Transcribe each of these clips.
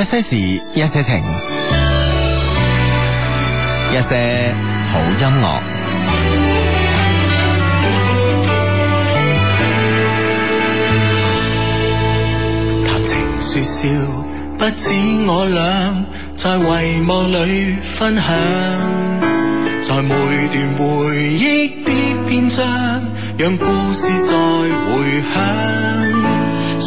一些事，一些情，一些好音樂。談情說笑，不止我倆，在帷幕裏分享，在每段回憶的篇章，讓故事再回響。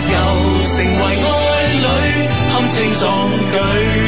又成為愛侶，堪稱壯舉。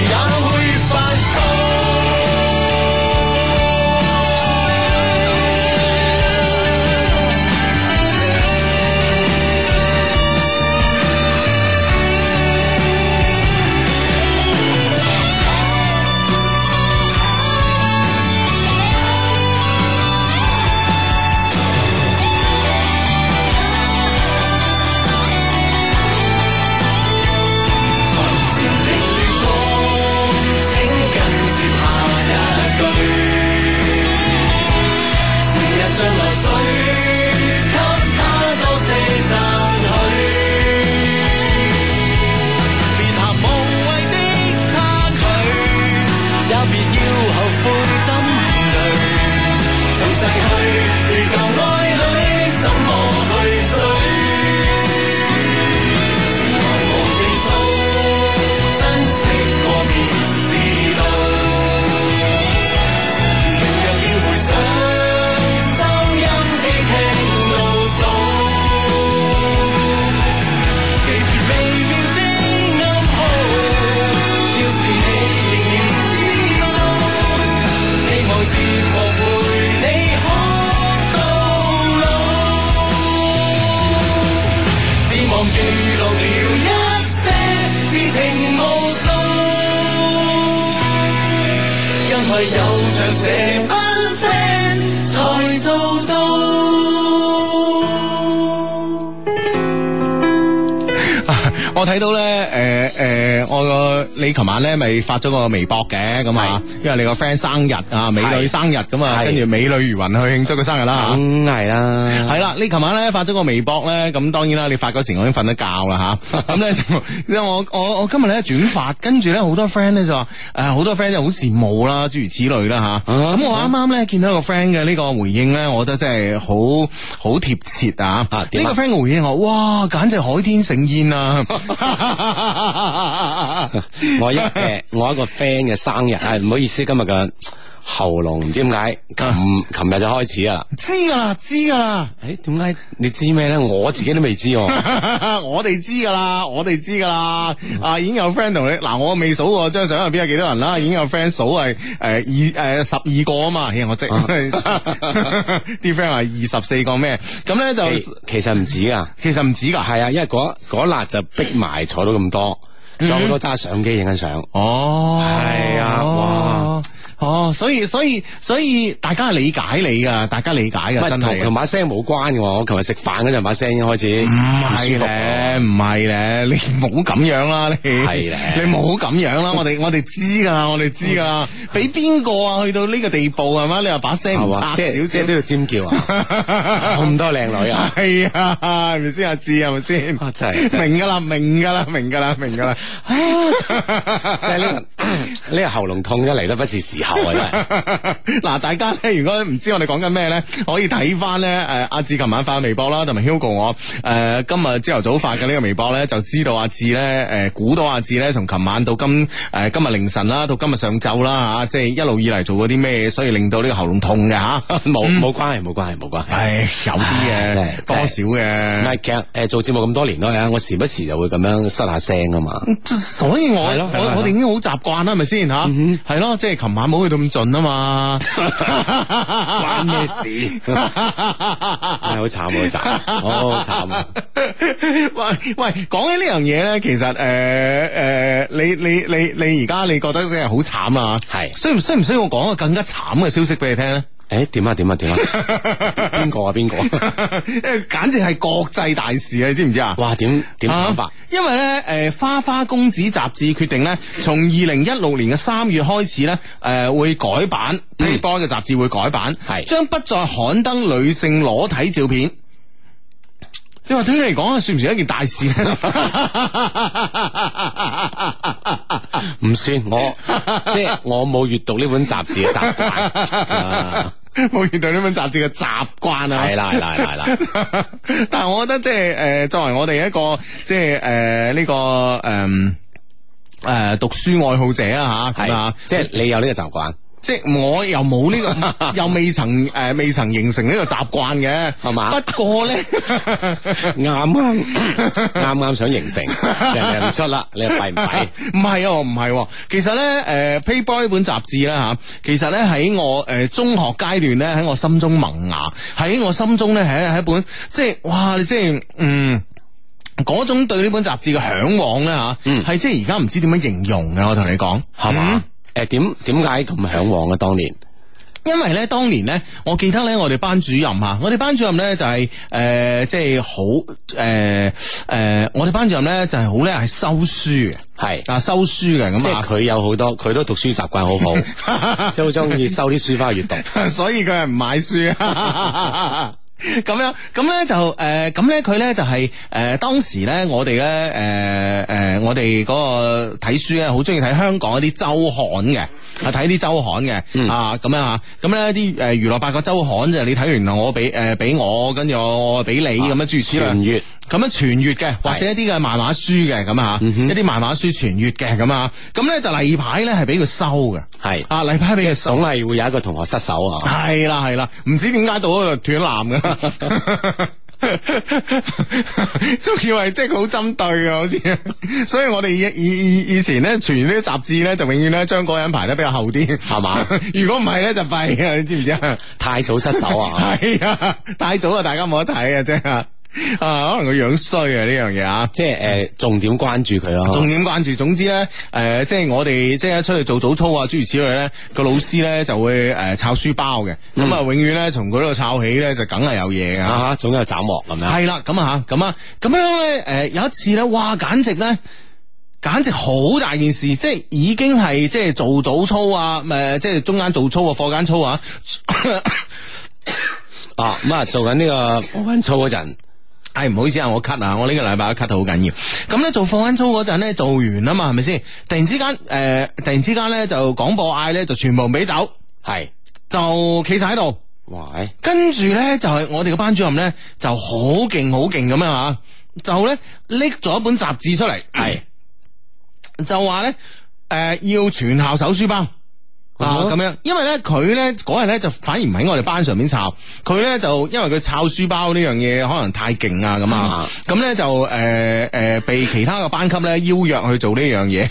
咪發咗個微博嘅咁啊。因為你個 friend 生日啊，美女生日咁啊，的跟住美女如雲去慶祝佢生日啦，梗係啦。係啦、啊嗯，你琴晚咧發咗個微博咧，咁當然啦，你發嗰時我已經瞓得覺啦吓，咁、啊、咧 就，因為我我我今日咧轉發，跟住咧好多 friend 咧就話，誒，好多 friend 就好羨慕啦，諸如此類啦吓。咁、啊啊啊、我啱啱咧見到一個 friend 嘅呢個回應咧，我覺得真係好好貼切啊。呢、啊啊、個 friend 嘅回應我，哇，簡直海天盛宴啊！」我一誒、呃，我一個 friend 嘅生日，係唔好意思。 今知今日嘅喉嚨唔知點解，琴琴日就開始㗎喇！知噶啦，知噶啦！誒，點解你知咩咧？我自己都未知，、啊 我知，我哋知噶啦，我哋知噶啦。啊，已經有 friend 同你，嗱、啊，我未數過張相入邊有幾多人啦、啊，已經有 friend 數係誒二誒、呃、十二個嘛、欸、 啊嘛， 其實我即係啲 friend 話二十四個咩？咁咧就其實唔止噶，其實唔止噶，係啊，因為嗰嗰辣就逼埋坐到咁多。仲有好多揸相機影緊相，哦，係啊，哇！哦，所以所以所以大家理解你噶，大家理解噶，真係同同把聲冇關嘅。我琴日食飯嗰陣把聲已經開始唔係咧，唔係咧，你唔好咁樣啦，你係你唔好咁樣啦。我哋我哋知噶，我哋知噶。俾邊個啊？去到呢個地步係嘛？你話把聲唔插少少都要尖叫啊？咁多靚女啊？係啊，係咪先阿志？係咪先？真係明噶啦，明噶啦，明噶啦，明噶啦。哎，呢呢個喉嚨痛一嚟得不是時候。嗱， 大家咧，如果唔知我哋講緊咩咧，可以睇翻咧，誒，阿志琴晚發嘅微博啦，同埋 Hugo 我，誒，今日朝頭早發嘅呢個微博咧，就知道阿志咧，誒，估到阿志咧，從琴晚到今，誒，今日凌晨啦，到今日上晝啦，吓，即係一路以嚟做過啲咩，所以令到呢個喉嚨痛嘅吓、啊，冇冇、嗯、關係，冇關係，冇關係、哎，有啲嘅，啊就是、多少嘅、啊，唔、就、誒、是、做節目咁多年都係，我時不時就會咁樣失下聲啊嘛，所以我我我哋已經好習慣啦，係咪先吓？係咯，即係琴晚冇。會咁盡啊嘛， 關咩麼事？好 慘、哎 哦、啊！慘，好慘啊！喂喂，講起呢樣嘢咧，其實誒誒、呃呃，你你你你而家你覺得啲人好慘啊？係是，需唔需唔需要我講個更加慘嘅消息俾你聽咧？誒，點啊點啊點啊！邊個啊邊個？誒、啊，啊啊、 簡直係國際大事啊！你知唔知啊？哇，點點慘法？因為咧，誒、呃，《花花公子》雜誌決定咧，從二零一六年嘅三月開始咧，誒、呃，會改版，是嗯、波嘅雜誌會改版，係將是不再刊登女性裸體照片。你話對你嚟講啊，算唔算一件大事咧？唔 算，我 即係我冇閱讀呢本雜誌嘅習慣，冇閱 讀呢本雜誌嘅習慣啊！係啦、啊，係啦、啊，係啦、啊！啊、 但係我覺得即係誒，作為我哋一個即係誒呢個誒誒、呃、讀書愛好者啊吓，係啊，是即係你有呢個習慣。即係我又冇呢、這個，又未曾誒、呃、未曾形成呢個習慣嘅，係嘛吧？不過咧，啱啱啱啱想形成， 你又唔出啦，你又弊唔弊？唔 係啊，唔係、啊。其實咧，誒、呃《Playboy》呢本雜誌咧吓，其實咧喺我誒、呃、中學階段咧喺我心中萌芽，喺我心中咧係喺一本，即係哇！你即係嗯，嗰種對呢本雜誌嘅向往咧吓，係、啊嗯、即係而家唔知點樣形容嘅，我同你講，係嘛吧？嗯誒，點點解咁向往嘅當年？因為咧，當年咧，我記得咧，我哋班主任啊，我哋班主任咧就係、係、誒，即係好誒誒，我哋班主任咧就係好咧，係收書，係啊是，收書嘅咁即係佢有好多，佢都讀書習慣好好，即係好中意收啲書翻去閱讀， 所以佢係唔買書啊。 咁 樣咁咧就誒咁咧佢咧就係誒當時咧我哋咧誒誒我哋嗰個睇書咧好中意睇香港嗰啲周刊嘅啊，睇啲周刊嘅啊咁樣吓咁咧啲誒娛樂八卦周刊就你睇完啦我俾誒俾我跟住我俾你咁樣，諸如此類咁樣傳閱嘅，或者一啲嘅漫畫書嘅咁的啊，一啲漫畫書傳閱嘅咁啊，咁咧就例牌咧係俾佢收嘅，係啊，例牌俾佢，總係會有一個同學失手啊，係啦，係啦，唔知點解到嗰度斷纜嘅。仲以為即係佢好針對嘅，好似， 所以我哋以以以，以前咧，傳呢啲雜誌咧，就永遠咧將嗰人排得比較後啲，係嘛吧？ 如果唔係咧，就弊啊，你知唔知？太早失手啊！係 啊，太早啊，大家冇得睇啊，真係。啊， 可能佢樣衰啊，呢樣嘢啊，即係誒，重點關注佢咯。重點關注，總之咧，誒、呃就是，即係我哋即係一出去做早操啊，諸如此類咧，個老師咧就會誒抄、呃、書包嘅。咁、嗯、啊，永遠咧從佢嗰度抄起咧，就梗係有嘢噶。吓，總有斬獲咁樣。係啦，咁啊，咁啊，咁樣咧，誒，有一次咧，哇，簡直咧，簡直好大件事，即係已經係即係做早操啊，誒、呃，即係中間做操啊，課間操啊， 啊，啊，啊。啊，咁啊，做緊呢個課間操嗰陣。 係唔、哎、好意思啊，我 cut 啊，我個、嗯、呢個禮拜都啊 cut 到好緊要。咁咧做課間操嗰陣咧做完啦嘛，係咪先？突然之間誒，突然之間咧就廣播嗌，咧就全部唔俾走，係是就企晒喺度。喂，跟住咧就係我哋個班主任咧就好勁好勁咁樣啊，就咧拎咗一本雜誌出嚟，係、嗯、就話咧誒要全校手書包。咁、啊、樣，因為咧佢咧嗰日咧就反而唔喺我哋班上面抄，佢咧就因為佢抄書包呢樣嘢可能太勁啊咁啊，咁咧、嗯、就誒誒、呃呃、被其他嘅班級咧邀約去做呢樣嘢，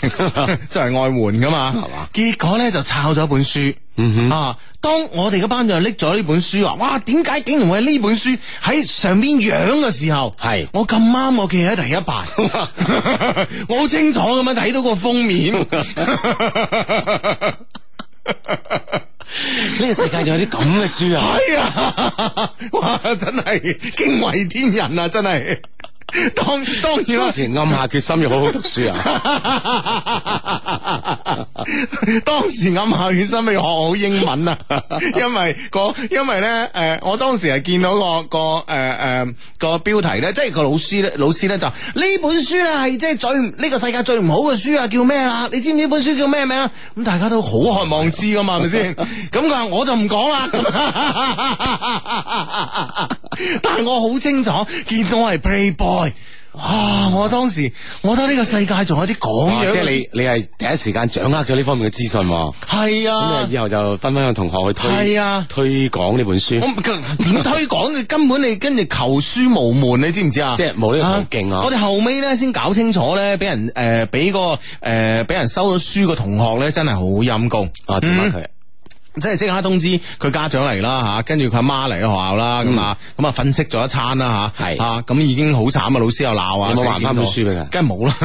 即係外援噶嘛，係嘛、嗯？嗯嗯、結果咧就抄咗一本書，啊！當我哋嘅班長拎咗呢本書話，哇！點解竟然會喺呢本書喺上邊樣嘅時候，係、嗯、我咁啱我企喺第一排，哇我好清楚咁樣睇到個封面。嗯嗯嗯嗯嗯嗯呢 個世界仲有啲咁嘅書啊！係啊、 哎，哇，真係驚為天人啊，真係。當當然啦，當時暗下決心要好好讀書啊！ 當時暗下決心要學好英文啊！ 因為個因為咧誒、呃，我當時係見到個個誒誒、呃呃、個標題咧，即係個老師咧，老師咧就話呢本書咧係即係最呢、這個世界最唔好嘅書啊！叫咩啊？你知唔知呢本書叫咩名啊？咁大家都好渴望知噶嘛，係咪先？咁佢話我就唔講啦， 但係我好清楚見到我係 Playboy。喂，啊！我當時，我覺得呢個世界仲有啲講嘢。即係你，你係第一時間掌握咗呢方面嘅資訊嘛。係啊，咁啊，以後就分分向同學去推，係啊，推廣呢本書。點推廣？ 你根本你跟住求書無門，你知唔知啊？即係冇呢個途徑啊，啊！我哋後尾咧先搞清楚咧，俾人誒俾、呃、個誒俾、呃、人收咗書嘅同學咧，真係好陰功啊！點解佢？即係即刻通知佢家長嚟啦吓，跟住佢阿媽嚟咗學校啦，咁啊咁、嗯嗯、啊訓斥咗一餐啦吓，係是啊咁已經好慘啊，老師又鬧啊，冇還翻本書俾佢，梗係冇啦，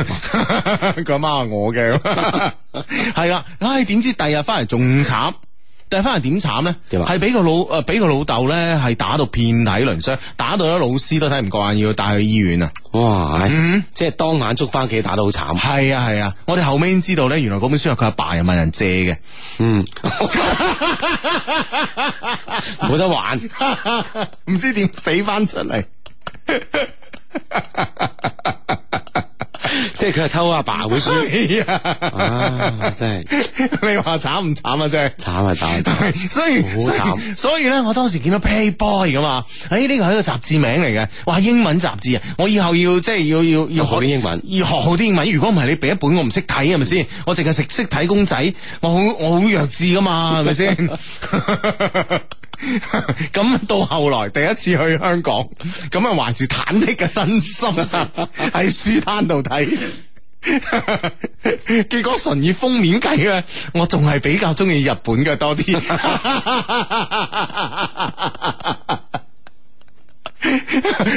佢阿媽係我嘅，係啦，唉點知第二日翻嚟仲慘。但翻嚟點慘咧？係俾個老誒，俾、呃、個老豆咧，係打到遍體鱗傷，打到咧老師都睇唔過眼，要帶去醫院啊！哇，嗯、即係當眼捉翻企，打到好慘。係、嗯、啊係啊，我哋後尾知道咧，原來嗰本書係佢阿爸又問人借嘅。嗯，冇 得玩，唔 知點死翻出嚟。 即係佢係偷阿爸本書，啊真係！你話慘唔慘啊？真係慘 啊慘！所以好慘慘，所以咧，我當時見到 Playboy 咁嘛，誒呢個係一個雜誌名嚟嘅，哇英文雜誌啊，我以後要即係要要要學啲英，英文，要學好啲英文。如果唔係你俾一本我唔識睇，係咪先？ 我淨係識識睇公仔，我好我好弱智噶嘛，係咪先.？ 咁 到後來第一次去香港，咁啊懷住忐忑嘅身心，喺 書攤度睇， 結果純以封面計啊，我仲係比較中意日本嘅多啲。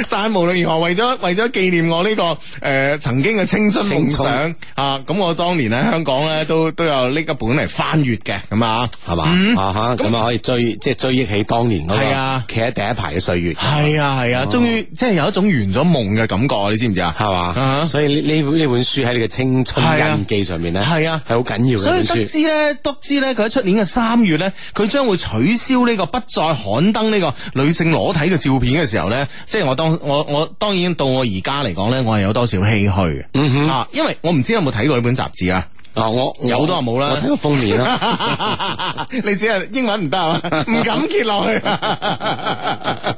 但係無論如何，為咗為咗紀念我呢個誒曾經嘅青春夢想啊，咁我當年咧香港咧都都有呢一本嚟翻閱嘅，咁啊係嘛，咁啊可以追即係追憶起當年嗰個企喺第一排嘅歲月。係啊係啊，終於即係有一種圓咗夢嘅感覺，你知唔知啊？係嘛，所以呢呢呢本書喺你嘅青春印記上面咧，係啊係好緊要嘅。所以得知咧，得知咧佢喺出年嘅三月咧，佢將會取消呢個不再刊登呢個女性裸體嘅照片嘅時候咧。即係我當我我當然到我而家嚟講咧，我係有多少唏嘘啊！嗯、哼因為我唔知有冇睇過呢本雜誌啊！啊，我有都係冇啦，我睇過封面啦， 你只係英文唔得啊，唔 敢揭落去。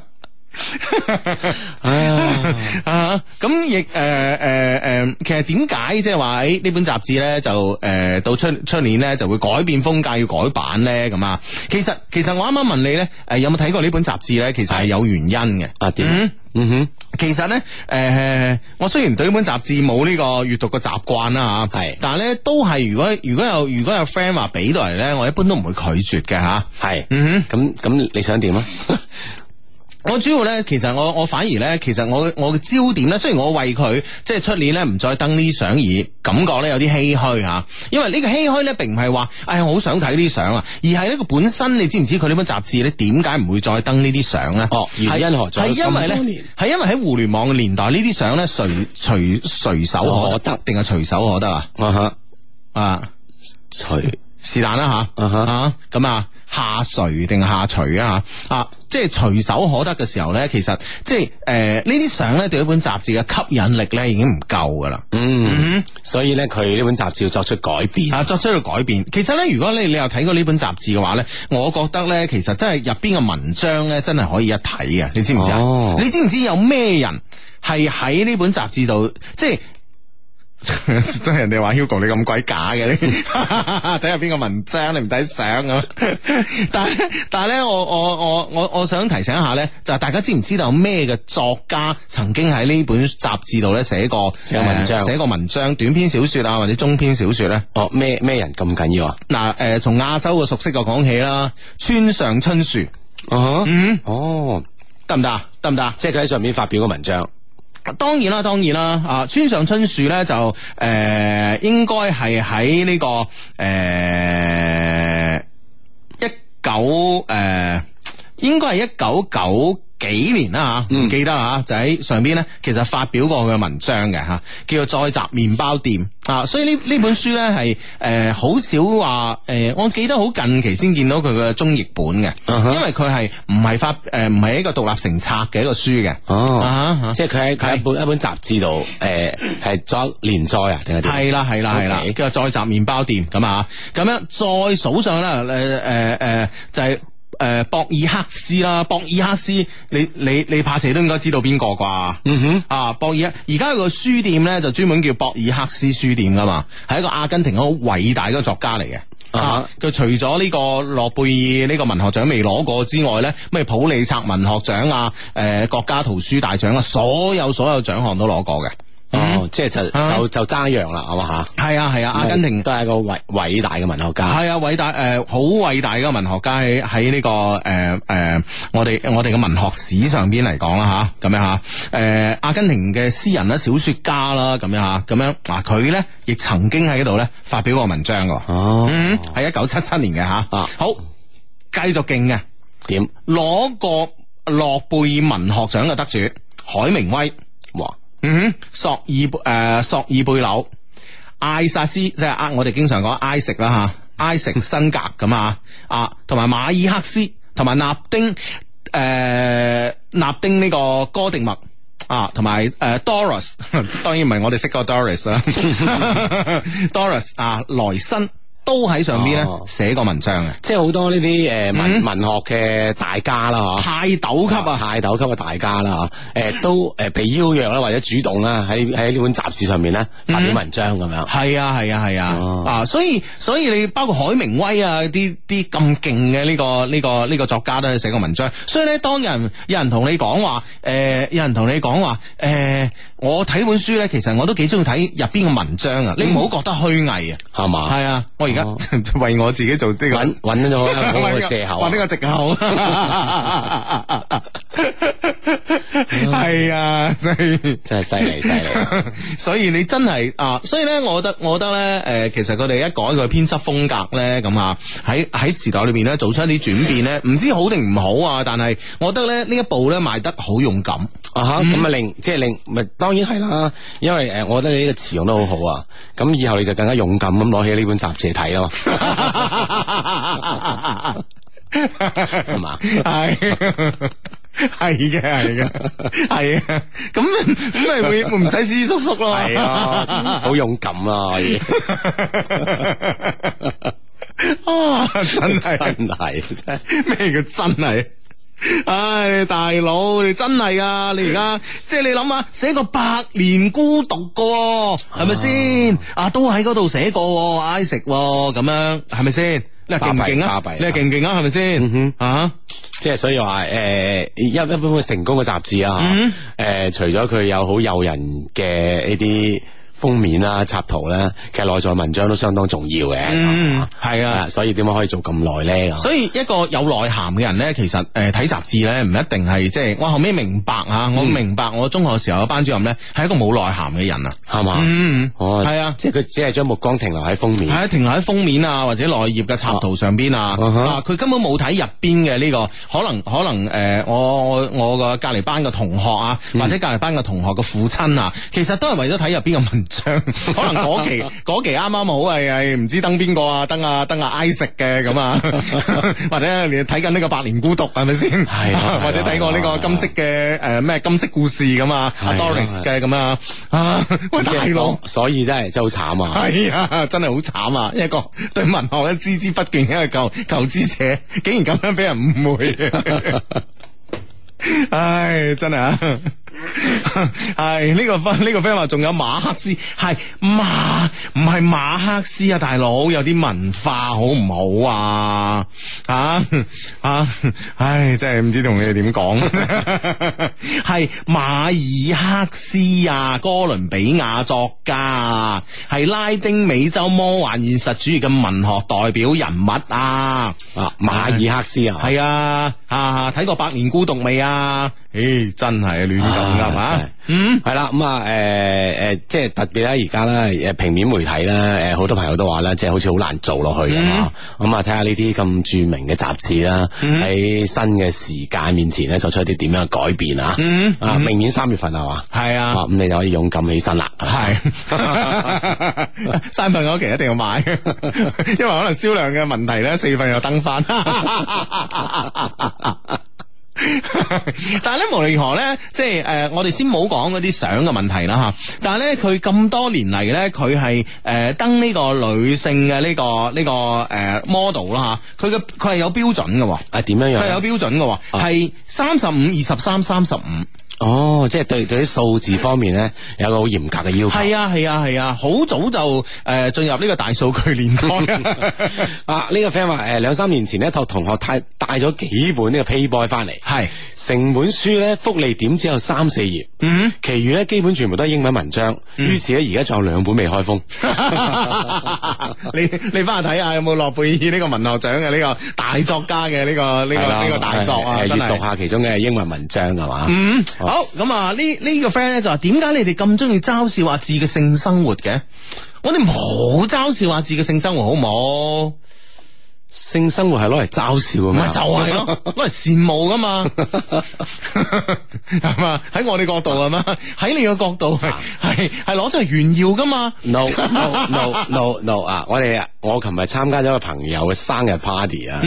啊咁亦誒誒誒，其實點解即係話誒呢本雜誌咧就誒、呃、到出出年咧就會改變風格，要改版咧咁啊？其實，其實我啱啱問你咧誒有冇睇過呢本雜誌咧？其實係有原因嘅。啊點？嗯，嗯哼，其實咧誒、呃，我雖然對呢本雜誌冇是呢個閱讀嘅習慣啦吓，係，但係咧都係如果如果有如果有 friend 話俾到嚟，咧，我一般都唔會拒絕嘅吓。係、啊，是嗯哼，咁咁你想點啊？我主要咧，其實我我反而咧，其實我我嘅焦點咧，雖然我為佢即係出年咧唔再登呢啲相而感覺咧有啲唏嘘吓，因為呢個唏嘘咧並唔係話，哎我好想睇呢啲相啊，而係呢個本身你知唔知佢呢本雜誌咧點解唔會再登呢啲相咧？哦，係是因何在？係因為咧，係年因為喺互聯網嘅年代呢啲相咧隨隨隨手可得，定係隨手可得、uh huh. 啊？啊哈隨啊，隨是但啦吓，啊哈咁啊。Huh. 下垂定下垂啊！啊，即係隨手可得嘅時候咧，其實即係誒呢啲相咧對一本雜誌嘅吸引力咧已經唔夠噶啦。嗯，嗯所以咧佢呢本雜誌要作出改變啊，作出到改變。其實咧，如果你你又睇過呢本雜誌嘅話咧，我覺得咧其實真係入邊嘅文章咧真係可以一睇嘅。你知唔知啊？哦、你知唔知有咩人係喺呢本雜誌度即係？真係 人哋話 Hugo 你咁鬼假嘅，睇下邊個文章你唔使想咁。但係咧，但係咧，我我我我我想提醒一下咧，就係、是、大家知唔知道咩嘅作家曾經喺呢本雜誌度咧寫過寫文章、寫過文章、短篇小說啊，或者中篇小說咧？哦，咩咩人咁緊要啊？嗱，誒，從亞洲嘅熟悉嘅講起啦，村上春樹。啊嗯、哦，得唔得？得唔得？即係佢喺上面發表個文章。當然啦，當然啦，啊，村上春樹咧就誒、呃、應該係喺呢個誒一九誒應該係一九九.幾年啦吓，唔、啊嗯、記得吓，就喺上邊咧，其實發表過佢嘅文章嘅吓，叫做《再集麵包店》啊，所以呢呢本書咧係誒好少話誒、呃，我記得好近期先見到佢嘅中譯本嘅，因為佢係唔係發誒唔係一個獨立成冊嘅一個書嘅哦，啊啊、即係佢喺佢喺一本是一本雜誌度誒係作連載啊定係點？係啦係啦係啦，Okay. 叫做《再集麵包店》咁啊咁樣,樣,樣,樣,樣,樣再數上啦誒誒誒就係。誒、呃，博爾赫斯啦，博爾赫斯，你你你怕死都應該知道邊個啩？嗯哼、mm，hmm. 啊，博爾，而家個書店呢，就專門叫博爾赫斯書店噶嘛，係一個阿根廷好偉大嘅作家嚟嘅。佢、uh huh. 啊、除咗呢個諾貝爾呢個文學獎未攞過之外咧，咩普利策文學獎啊，誒、呃，國家圖書大獎啊，所有所有獎項都攞過嘅。哦，即係就、啊、就就爭、啊啊、根一樣啦，係嘛吓？係、呃這個呃呃、啊係啊，啊，阿根廷都係個偉偉大嘅文學家。係啊，偉大誒，好偉大嘅文學家喺喺呢個誒誒，我哋我哋嘅文學史上邊嚟講啦吓，咁樣吓，誒，阿根廷嘅詩人啦、小說家啦，咁樣吓，咁樣嗱，佢咧亦曾經喺度咧發表過文章嘅。哦，係一九七七年嘅吓。啊，啊好，繼續勁嘅，點攞個諾貝爾文學獎嘅得主海明威，哇！嗯，索爾誒，索爾貝、呃、婁，艾薩斯即係阿我哋經常講艾食啦吓，艾食辛格咁啊，啊，同埋、啊啊、馬爾克斯，同埋納丁誒，納、呃、丁呢個戈迪默啊，同埋誒、呃、Doris，當然唔係我哋識個 Doris 啦，Doris 啊，萊辛、 啊。都喺上邊咧寫過文章嘅、哦，即係好多呢啲誒文文學嘅大家啦，吓泰斗級啊，泰斗級嘅大家啦，吓誒都誒被邀約啦、啊，或者主動啦、啊，喺喺呢本雜誌上面咧發表文章咁樣。係、嗯、啊，係啊，係啊，啊，啊，啊所以所以，所以你包括海明威啊，啲啲咁勁嘅呢個呢個呢個作家都係寫過文章，所以咧，當人有人同你講話，誒、呃，有人同你講話，誒、呃，我睇本書咧，其實我都幾中意睇入邊嘅文章啊，你唔好覺得虛偽啊，係嘛吧，係啊，而家為我自己做呢個搵搵咗，搵個借口，這個，話呢個借口。 係啊，真係真係犀利犀利，所以你真係啊，所以咧，我覺得我覺得咧，誒，其實佢哋一改佢編輯風格咧，咁啊，喺喺時代裏邊咧做出一啲轉變咧，唔知好定唔好啊，但係我覺得咧呢一步咧邁得好勇敢啊，吓咁啊，令即係令咪當然係啦，因為誒，我覺得你呢個詞用得好好啊，咁以後你就更加勇敢咁攞起呢本雜誌嚟睇咯，係嘛，係。係嘅，係嘅，係啊！咁咁咪會唔使似叔叔咯？係 啊，好勇敢啊！ 啊真係 真係，咩叫真係？唉、 哎，大佬，你真係啊！你而家即係你諗下，寫個百年孤獨嘅，係咪先？啊，啊，都喺嗰度寫過，挨食咁樣，係咪先？勁唔勁啊？你係勁唔勁啊？係咪先？哼，吓，即係所以話誒、呃，一一般成功嘅雜誌啊吓。誒、呃，除咗佢有好誘人嘅呢啲。封面啊、插圖咧，其實內在文章都相當重要嘅，係啊，所以點解可以做咁耐咧？所以一個有內涵嘅人咧，其實誒睇雜誌咧，唔一定係即係我後尾明白啊，我明白我中學時候嘅班主任咧係一個冇內涵嘅人啊，係嘛？係啊，即係佢只係將目光停留喺封面，係啊，停留喺封面啊，或者內頁嘅插圖上邊啊，佢根本冇睇入邊嘅呢個，可能可能誒，我我個隔離班嘅同學啊，或者隔離班嘅同學嘅父親啊，其實都係為咗睇入邊嘅文。 可能嗰期嗰期啱啱好係係唔知登邊個啊登啊登啊 I 嘅咁啊，啊 或者你睇緊呢個百年孤獨係咪先？係、 啊啊、 或者睇過呢個金色嘅誒咩金色故事咁啊阿 Doris 嘅咁啊啊 哥所！所以真係真係好慘啊！係 啊，真係好慘啊！一、一個對文學都孜孜不倦嘅求求知者，竟然咁樣俾人誤會，唉，真係、啊。真係 呢，這個 friend 呢個 friend 話，仲有馬克思係馬唔係馬克思？啊大佬，有啲文化好唔好啊？啊唉 啊唉真係唔知同你哋點講，係馬爾克斯啊，哥倫比亞作家係，拉丁美洲魔幻現實主義嘅文學代表人物啊，啊馬爾克斯啊係啊啊，睇過百年孤獨未啊？咦、欸，真係亂咁講。係嘛，嗯，係啦，咁啊，誒，誒，即係特別咧，而家咧，誒，平面媒體咧，誒，好多朋友都話咧，即係好似好難做落去咁啊，咁啊，睇下呢啲咁著名嘅雜誌啦，喺新嘅時間面前咧，做出一啲點樣嘅改變啊，啊，明年三月份係嘛，係啊，咁你就可以勇敢起身啦，係，三份嗰期一定要買，因為可能銷量嘅問題咧，四份又登翻。 但係咧，無論如何咧，即係誒、呃，我哋先冇講嗰啲相嘅問題啦吓。但係咧，佢咁多年嚟咧，佢係誒登呢個女性嘅呢、這個呢、這個誒、呃、model 啦吓。佢嘅佢係有標準嘅，係點樣樣？佢係有標準嘅，係三十五、二十三、三十五。哦，即係對對啲數字方面咧，有個好嚴格嘅要求。係啊係啊係啊，好早就誒進入呢個大數據年代啊！呢個 friend 話誒兩三年前呢，託同學帶帶咗幾本呢個 Playboy 翻嚟，係成本書咧，福利點只有三四頁，嗯，其餘咧基本全部都係英文文章。於是咧，而家仲有兩本未開封。你你翻去睇下有冇諾貝爾呢個文學獎嘅呢個大作家嘅呢個呢個呢個大作啊？真係閱讀下其中嘅英文文章係嘛？嗯。好咁啊！呢、這、呢個 friend 咧就話：點解你哋咁中意嘲笑阿志嘅性生活嘅？我哋冇嘲笑阿志嘅性生活，好唔好？性生活係攞嚟嘲笑噶嘛？咪就係咯，攞嚟羨慕噶嘛？係嘛？喺我哋角度係嘛？喺你嘅角度係係攞出嚟炫耀噶嘛？No no no no no 啊！我哋我琴日參加咗個朋友嘅生日 party 啊！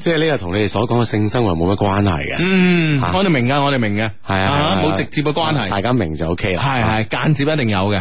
即係呢個同你哋所講嘅性生活冇乜關係嘅。嗯，我哋明噶，我哋明嘅係啊，冇直接嘅關係。大家明就 OK 啦。係係間接一定有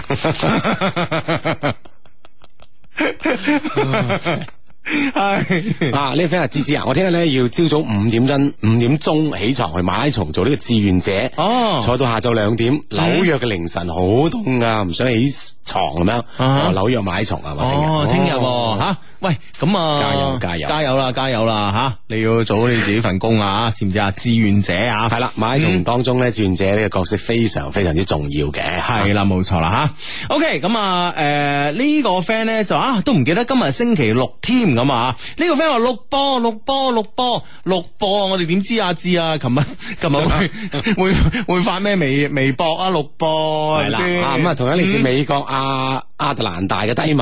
嘅。係 啊，呢位啊，芝芝啊，我聽日咧要朝早五點鐘五點鐘起床去馬拉松做呢個志願者，哦，坐到下晝兩點。紐約嘅凌晨好凍噶，唔、啊、想起床咁樣。紐約馬拉松啊嘛，哦，聽日吓。喂，咁啊，加油加油，加油啦，加油啦，吓！你要做好你自己份工啊，知唔知啊？志願者啊，係啦，馬拉松當中咧，志願者呢個角色非常非常之重要嘅，係啦，冇錯啦，吓。OK，咁啊，誒，呢個 friend 咧就啊，都唔記得今日星期六添咁啊，呢個 friend 話錄波錄波錄波錄波，我哋點知啊志啊，琴日琴日會會發咩微微博啊錄波，係啦，咁啊，同樣嚟自美國啊。亞特蘭大嘅低迷，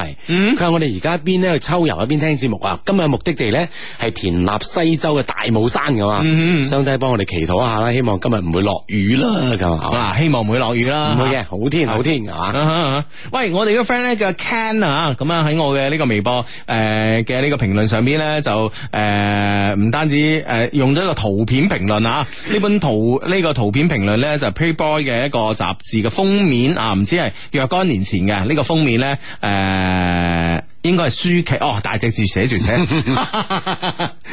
佢話、嗯、我哋而家一邊呢去秋遊一邊聽節目啊！今日目的地咧係田納西州嘅大霧山㗎嘛，嗯嗯上帝幫我哋祈禱一下啦，希望今日唔會落雨啦咁啊！嗯、希望唔會落雨啦，唔會嘅、啊，好天、嗯、好天係、啊、喂，我哋個 friend 咧叫 Ken 啊，咁啊喺我嘅呢個微博誒嘅呢個評論上邊咧就誒唔、呃、單止誒用咗一、這個圖片評論啊，呢本圖呢個圖片評論咧就 Playboy 嘅一個雜誌嘅封面啊，唔知係若干年前嘅呢個封面。咧，誒，應該係舒淇哦，大隻字寫住寫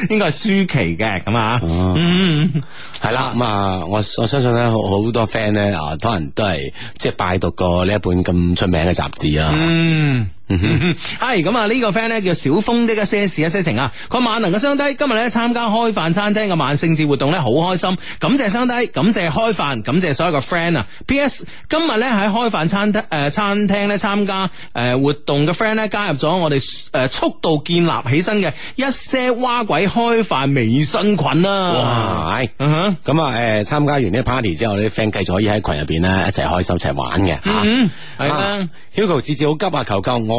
應該係舒淇嘅咁啊，嗯，係啦，哦，咁啊，我我相信咧，好好多 friend 咧啊，可能都係即係拜讀過呢一本咁出名嘅雜誌啊，嗯。係咁啊！呢、 嗯 這個 friend 咧叫小峰的試試，啲一些事一些情啊！佢萬能嘅雙低今日咧參加開飯餐廳嘅萬聖節活動咧，好開心！感謝雙低，感謝開飯，感謝所有嘅 friend 啊！P.S. 今日咧喺開飯餐廳誒、呃、餐廳咧參加誒、呃、活動嘅 friend 咧加入咗我哋誒速度建立起身嘅一些蛙鬼開飯微信群啦！哇！嗯哼、uh，咁啊誒參加完呢 party 之後，啲 friend 繼續可以喺群入邊咧一齊開心一齊玩嘅吓。嗯，係啦。Hugo 子子好急啊！求救我。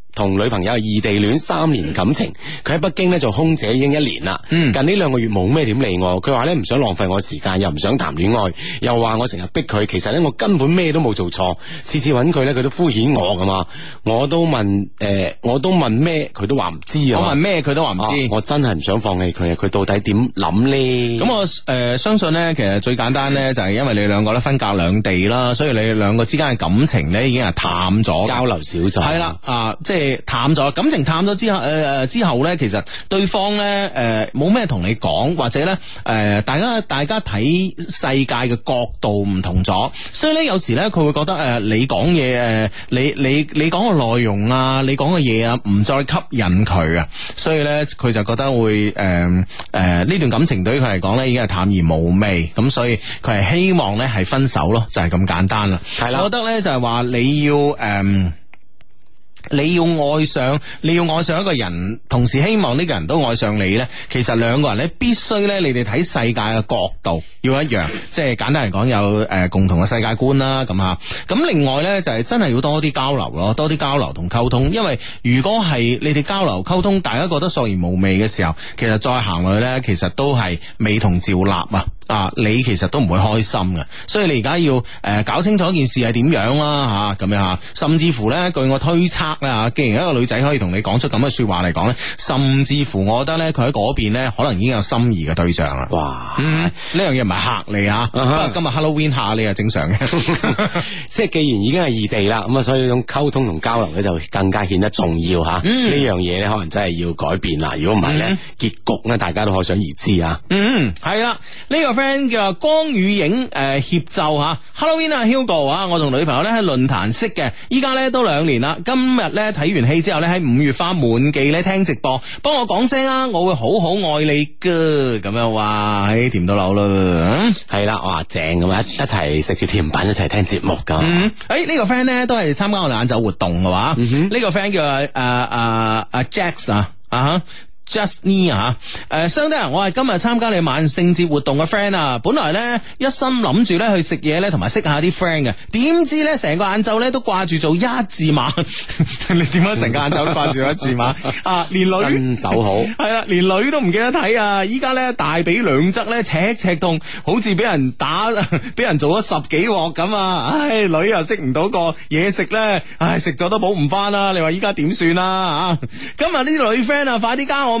同女朋友異地戀三年感情，佢喺北京呢做空姐已經一年啦。嗯、近呢兩個月冇咩點理我，佢話呢唔想浪費我時間，又唔想談戀愛，又話我成日逼佢。其實呢，我根本咩都冇做錯，次次揾佢呢，佢都敷衍我噶嘛。我都問誒、呃，我都問咩，佢都話唔知，知啊。我問咩佢都話唔知。我真係唔想放棄佢，佢到底點諗呢？咁我誒、呃，相信呢，其實最簡單呢，就係、是、因為你兩個呢分隔兩地啦，所以你哋兩個之間嘅感情呢，已經係淡咗，交流少咗。係啦，啊，即係。淡咗感情，淡咗之後誒誒、呃、之後咧，其實對方咧誒冇咩同你講，或者咧誒、呃、大家大家睇世界嘅角度唔同咗，所以咧有時咧佢會覺得誒、呃、你講嘢誒你你你講嘅內容啊，你講嘅嘢啊，唔再吸引佢啊，所以咧佢就覺得會誒誒呢段感情對於佢嚟講咧已經係淡而無味，咁所以佢係希望咧係分手咯，就係、是、咁簡單啦。係啦了，我覺得咧就係、是、話你要誒。Um, 你要愛上，你要愛上一個人，同時希望呢個人都愛上你呢。其實兩個人咧，必須咧，你哋睇世界嘅角度要一樣，即係簡單嚟講，有誒共同嘅世界觀啦。咁吓，咁另外呢，就係真係要多啲交流咯，多啲交流同溝通。因為如果係你哋交流溝通，大家覺得索然無味嘅時候，其實再行落去呢，其實都係未同照立啊。啊，你其實都唔會開心嘅，所以你而家要誒搞清楚件事係點樣啦吓，咁樣吓，甚至乎咧，據我推測咧，既然一個女仔可以同你講出咁嘅說話嚟講咧，甚至乎我覺得咧，佢喺嗰邊咧，可能已經有心儀嘅對象啦哇、嗯。哇，呢樣嘢唔係吓你吓，今日 Halloween 吓你啊，啊哈 正常嘅。即係既然已經係異地啦，咁啊，所以種溝通同交流咧就更加顯得重要吓。呢樣嘢咧可能真係要改變啦，如果唔係咧，嗯、結局咧大家都可想而知啊。嗯嗯，係啦，呢、這個。friend 叫江雨影誒、呃、協奏吓，Hello Inna Hugo 啊，Hugo，我同女朋友咧喺論壇識嘅，依家咧都兩年啦。今日咧睇完戲之後咧喺五月花滿記咧聽直播，幫我講聲啊，我會好好愛你噶，咁樣哇，喺甜到流啦，係啦哇正咁嘛。一一齊食住甜品，一齊聽節目噶。誒、這個、呢個 friend 咧都係參加我哋晏晝活動嘅話，嗯、哼個呢個 friend 叫啊啊啊 Jack 啊，啊。啊啊 just 呢啊，誒、呃，相德啊，我係今日參加你萬聖節活動嘅 friend 啊，本來咧一心諗住咧去食嘢咧，同埋識下啲 friend 嘅，點知咧成個晏晝咧都掛住做一字馬， 你點解成個晏晝都掛住一字馬 啊？連女身手好，係啊，連女都唔記得睇啊！依家咧大髀兩側咧赤赤痛，好似俾人打，俾 人做咗十幾鑊咁啊！唉、哎，女又識唔到個嘢食咧，唉，食咗、哎、都補唔翻啦！你話依家點算啊？啊，今日呢啲女 friend 啊，快啲加我！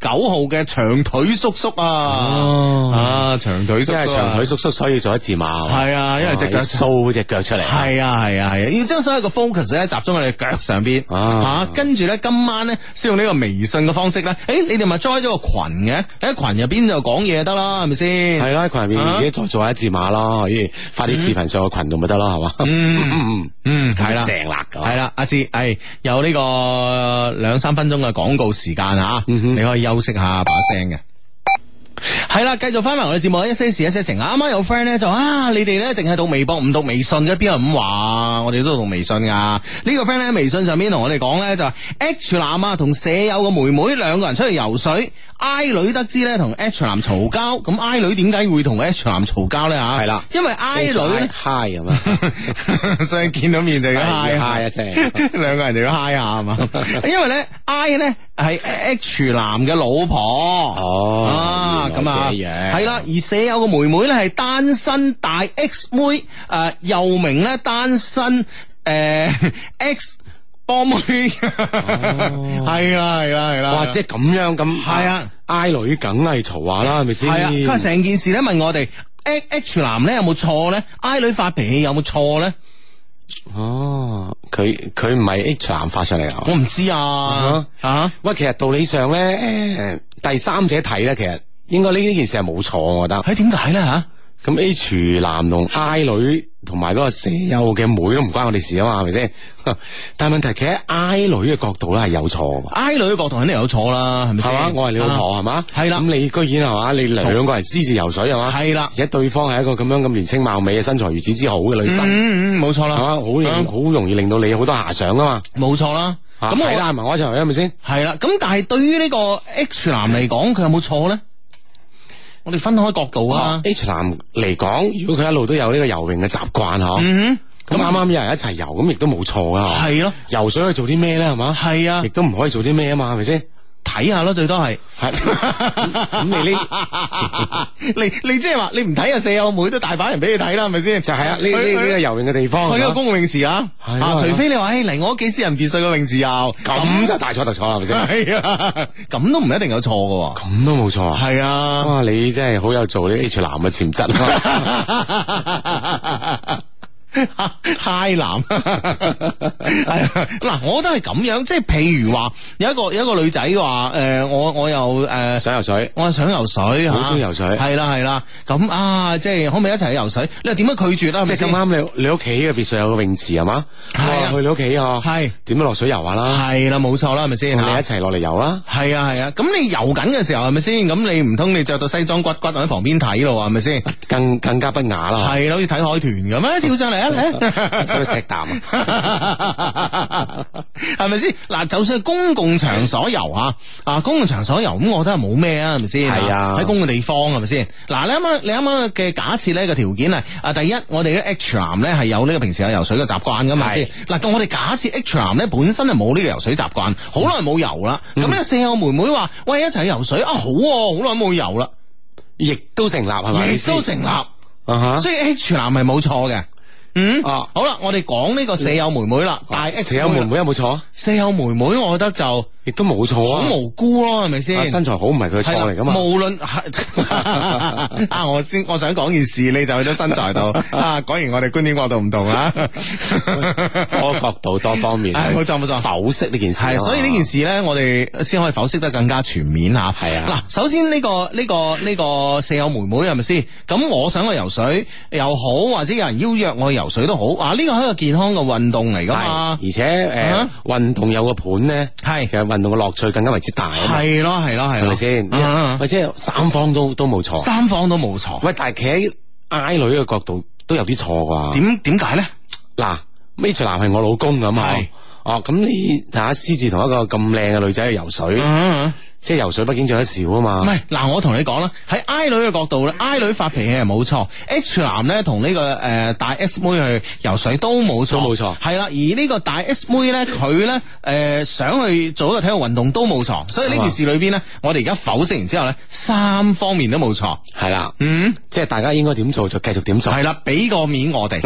九號嘅長腿叔叔啊，啊長腿叔，因長腿叔叔所以做一字馬，係啊，因為隻腳 show 隻腳出嚟，係啊係啊係，啊。要將所有個 focus 咧集中喺你腳上邊，吓，跟住咧今晚咧先用呢個微信嘅方式咧，誒，你哋咪 join 咗個群嘅，喺群入邊就講嘢得啦，係咪先？係啦，群入邊自己再做一字馬咯，可以發啲視頻上去群度咪得咯，係嘛？嗯嗯嗯嗯，係啦，正辣噶，係啦，阿志，誒，有呢個兩三分鐘嘅廣告時間啊，你可以。休息下把聲嘅，係啦，繼續翻嚟我哋節目。一些事，一些情。啱啱有 friend 咧就啊，你哋咧淨係到微博唔讀微信嘅，邊有人咁話？我哋都讀微信噶。呢個 friend 咧喺微信上邊同我哋講咧就係，H 男啊同舍友個妹妹兩個人出去游水，I 女得知咧同 H 男嘈交，咁 I 女點解會同 H 男嘈交咧吓？係啦了，因為 I 女嗨啊嘛，L、I, Hi, 所以見到面就要嗨嗨一聲，兩 個人就要嗨下啊嘛。因為咧 I 咧。係 H 男嘅老婆哦，啊咁啊，係啦，啊、而舍友個妹妹咧係單身大 X 妹，誒又名咧單身誒 X 幫妹，係啦係啦係啦，哇即係咁樣咁，係啊 I 女梗係嘈話啦，係咪先？係啊，佢成、啊啊啊、件事咧問我哋 H、嗯、男咧有冇錯咧？I 女發脾氣有冇錯咧？哦，佢佢唔係 H 男發上嚟啊！我唔知啊，吓喂、啊，其實道理上咧，誒、呃，第三者睇咧，其實應該呢呢件事係冇錯，我覺得、啊。誒，點解咧吓？咁 H 男同 I 女同埋嗰個蛇友嘅妹都唔關我哋事啊嘛，係咪先？但係問題企喺 I 女嘅角度咧，係有錯。I 女嘅角度肯定有錯啦，係咪先？我係你老婆係嘛？係啦。咁你居然係嘛？你兩個人私自游水係嘛？係啦。而且對方係一個咁樣咁年輕貌美嘅身材如此之好嘅女生！嗯嗯，冇錯啦。係嘛，好容易好容易令到你好多遐想噶嘛。冇錯啦。咁係啦，埋我一齊啦，係咪先？係啦。咁但係對於呢個 H 男嚟講，佢有冇錯咧？我哋分開角度啊、oh,，H 男嚟講，如果佢一路都有呢個游泳嘅習慣，嗬、mm，咁啱啱有人一齊游，咁亦都冇錯啊，係咯的，游水可以做啲咩咧？係嘛，係啊，亦都唔可以做啲咩啊嘛，係咪先？的睇下咯，最多係，咁你呢？你你即係話你唔睇啊？四阿妹都大把人俾你睇啦，係咪先？就係啊，呢呢個游泳嘅地方，去呢個公共泳池啊，啊，除非你話誒嚟我屋企私人別墅嘅泳池啊，咁就大錯特錯啦，係咪先？係啊，咁都唔一定有錯噶，咁都冇錯啊，係啊，哇，你真係好有做呢 H 男嘅潛質啊！太難係啦！嗱，我都係咁樣，即係譬如話有一個有一個女仔話誒，我我又誒想游水，我想游水，好中意游水，係啦係啦，咁啊，即係可唔可以一齊去游水？你又點樣拒絕啦？即係咁啱，你你屋企嘅別墅有個泳池係嘛？係啊，去你屋企嗬，係點樣落水游下啦？係啦，冇錯啦，係咪先？你一齊落嚟游啦？係啊係啊，咁你游緊嘅時候係咪先？咁你唔通你着到西裝骨骨喺旁邊睇咯？係咪先？更更加不雅啦，係啦，好似睇海豚咁啊，跳上嚟啊！去食啖，係咪先？嗱，就算係公共場所游吓，啊，公共場所游咁，我覺得係冇咩啊，係咪先？係啊，喺公共地方係咪先？嗱，你啱啱，你啱啱嘅假設呢個條件係，啊，第一我哋咧 H 男咧係有呢個平時有游水嘅習慣噶嘛先，嗱是，咁是我哋假設 H 男咧本身係冇呢個游水習慣，好耐冇游啦，咁呢、嗯、個四個妹妹話，喂，一齊去游水啊，好啊，好耐冇游啦，亦都成立係咪？亦都成立，啊哈，所以 H 男係冇錯嘅。嗯啊，好啦，我哋講呢個舍友妹妹啦，但係舍友妹妹有冇錯啊？舍友妹妹，我覺得就。亦都冇錯啊，好無辜咯，係咪先？身材好唔係佢嘅錯嚟噶嘛？無論啊，我先我想講件事，你就去咗身材度啊。果然我哋觀點角度唔同啊，多角度多方面冇錯冇錯。剖析呢件事，係所以呢件事咧，我哋先可以剖析得更加全面吓。係啊，嗱，首先呢個呢個呢個四友妹妹係咪先？咁我想去游水又好，或者有人邀約我去游水都好啊。呢個係一個健康嘅運動嚟噶嘛，而且誒運動有個盤咧，係同個樂趣更加為之大，係咯係咯，係咪先？或者、嗯、三方都都冇錯，三方都冇錯。喂，但係企喺 I 女嘅角度都有啲錯啩？點點解咧？嗱 Michael 男係我老公咁嗬，哦咁的、啊、你睇下私自同一個咁靚嘅女仔去游水。嗯哼哼即係游水，畢竟做得少啊嘛。唔係嗱，我同你講啦，喺 I 女嘅角度咧，I 女發脾氣係冇錯。H 男咧同呢、這個誒、呃、大 S 妹去游水都冇錯，冇錯係啦。而呢個大 S 妹咧，佢咧誒想去做一個體育運動都冇錯。所以呢件事裏邊咧，吧我哋而家否決完之後咧，三方面都冇錯。係啦了，嗯，即係大家應該點做就繼續點做。係啦，俾個面我哋，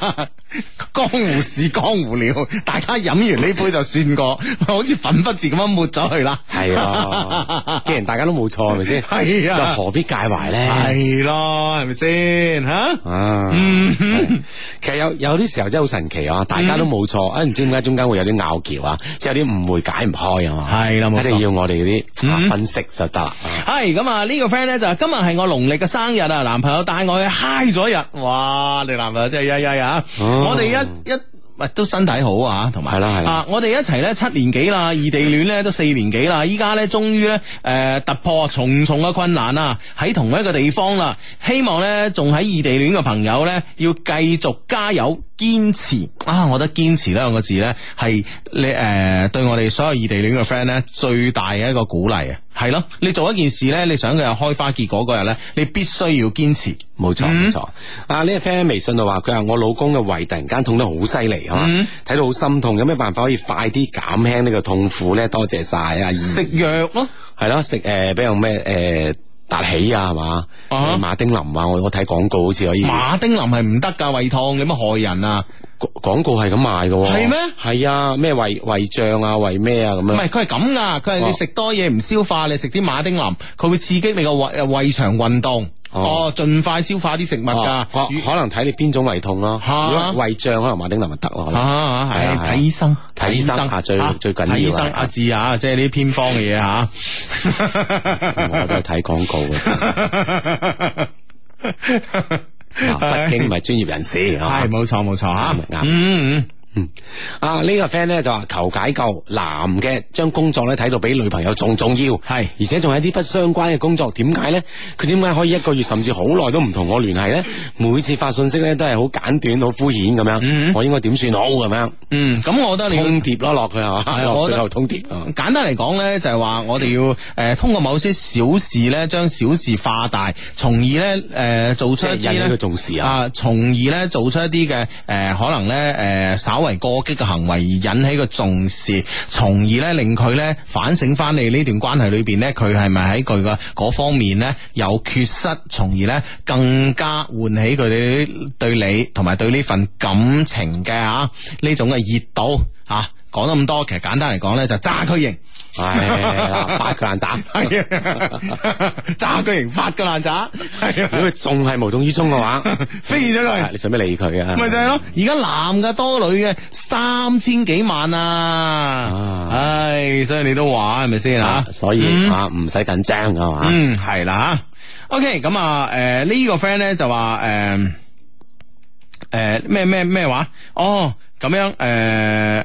江湖事江湖了，大家飲完呢杯就算過，好似粉筆字咁樣抹咗去啦。 啊， 既然大家都冇錯，係咪先？係是啊，就何必介懷咧？係咯、啊，係咪先？吓，嗯，其實有有啲時候真係好神奇啊！大家都冇錯，誒、嗯哎，唔知點解中間會有啲拗撬啊，即係有啲誤會解唔開啊嘛？係啦、啊，冇錯，一定要我哋嗰啲分析就得啦。係咁、嗯、啊，個呢個 friend 咧就係、今日係我農曆嘅生日啊，男朋友帶我去嗨咗一日，哇！你男朋友真係曳曳啊，啊 我哋一一。一喂，都身體好啊，同埋，係啦係。啊，我哋一齊咧，七年幾啦，異地戀咧都四年幾啦，依家咧終於咧誒、呃、突破重重嘅困難啦，喺同一個地方啦，希望咧仲喺異地戀嘅朋友咧要繼續加油。堅持啊！我覺得堅持呢兩個字呢，係你誒、呃，對我哋所有異地戀嘅 friend 咧，最大嘅一個鼓勵啊！係咯，你做一件事呢，你想佢有開花結果嗰日呢，你必須要堅持。冇錯冇錯。啊，呢、呢個 friend 微信度話，佢話我老公嘅胃突然間痛得好犀利，吓、啊，睇到好心痛。有咩辦法可以快啲減輕呢個痛苦呢？多謝晒啊！嗯、食藥咯、啊，係咯，食誒、呃，比如咩誒。呃達喜啊，係嘛？啊、uh，huh. 馬丁林啊，我我睇廣告好似可以。馬丁林係唔得噶，胃痛有乜害人啊？廣告係咁賣噶。係咩？係啊，咩嗎、啊、胃胃脹啊，胃咩啊咁樣？唔係，佢係咁噶，佢係你食多嘢唔消化，你食啲馬丁林，佢會刺激你個胃誒胃腸運動。哦，盡快消化啲食物噶，可能睇你邊種胃痛咯。如果胃脹，可能馬丁林咪得咯。係睇醫生，睇醫生吓，最最緊要，睇醫生，阿志啊，即係呢啲偏方嘅嘢吓。我都係睇廣告嘅。畢竟唔係專業人士，係冇錯冇錯吓，啱。嗯、啊，啊、這、呢個 friend 咧，就話求解救男嘅將工作咧睇到比女朋友仲重要，係而且仲係一啲不相關嘅工作，點解咧？佢點解可以一個月甚至好耐都唔同我聯繫咧？每次發信息咧都係好簡短、好敷衍咁樣。我應該點算好咁樣？嗯，咁我覺得你通牒咯，落去係嘛？我最後通牒。簡單嚟講咧，就係、是、話我哋要誒通過某些小事咧，將小事化大，從而咧誒做出即係引起佢重視啊。啊、呃，從而咧做出一啲嘅誒可能咧誒、呃、稍。為過激嘅行為而引起個重視，從而咧令佢咧反省翻你呢段關係裏邊咧，佢係咪喺佢嘅嗰方面咧有缺失，從而咧更加喚起佢哋對你同埋對呢份感情嘅啊呢種嘅熱度吓。啊。講得咁多，其實簡單嚟講咧就、哎、炸佢型，係 發 個爛渣，係炸佢型，發個爛渣，係如果仲係無動於衷嘅話， 飛咗佢、啊，你使咩理佢嘅？咪就係咯，而家男嘅多女嘅三千幾萬啊！唉、啊哎，所以你都話係咪先啊？所以、嗯、啊，唔使緊張㗎嘛。嗯，係啦 OK，咁啊，誒呢個 friend 咧就話誒誒咩咩咩話？哦，咁樣誒。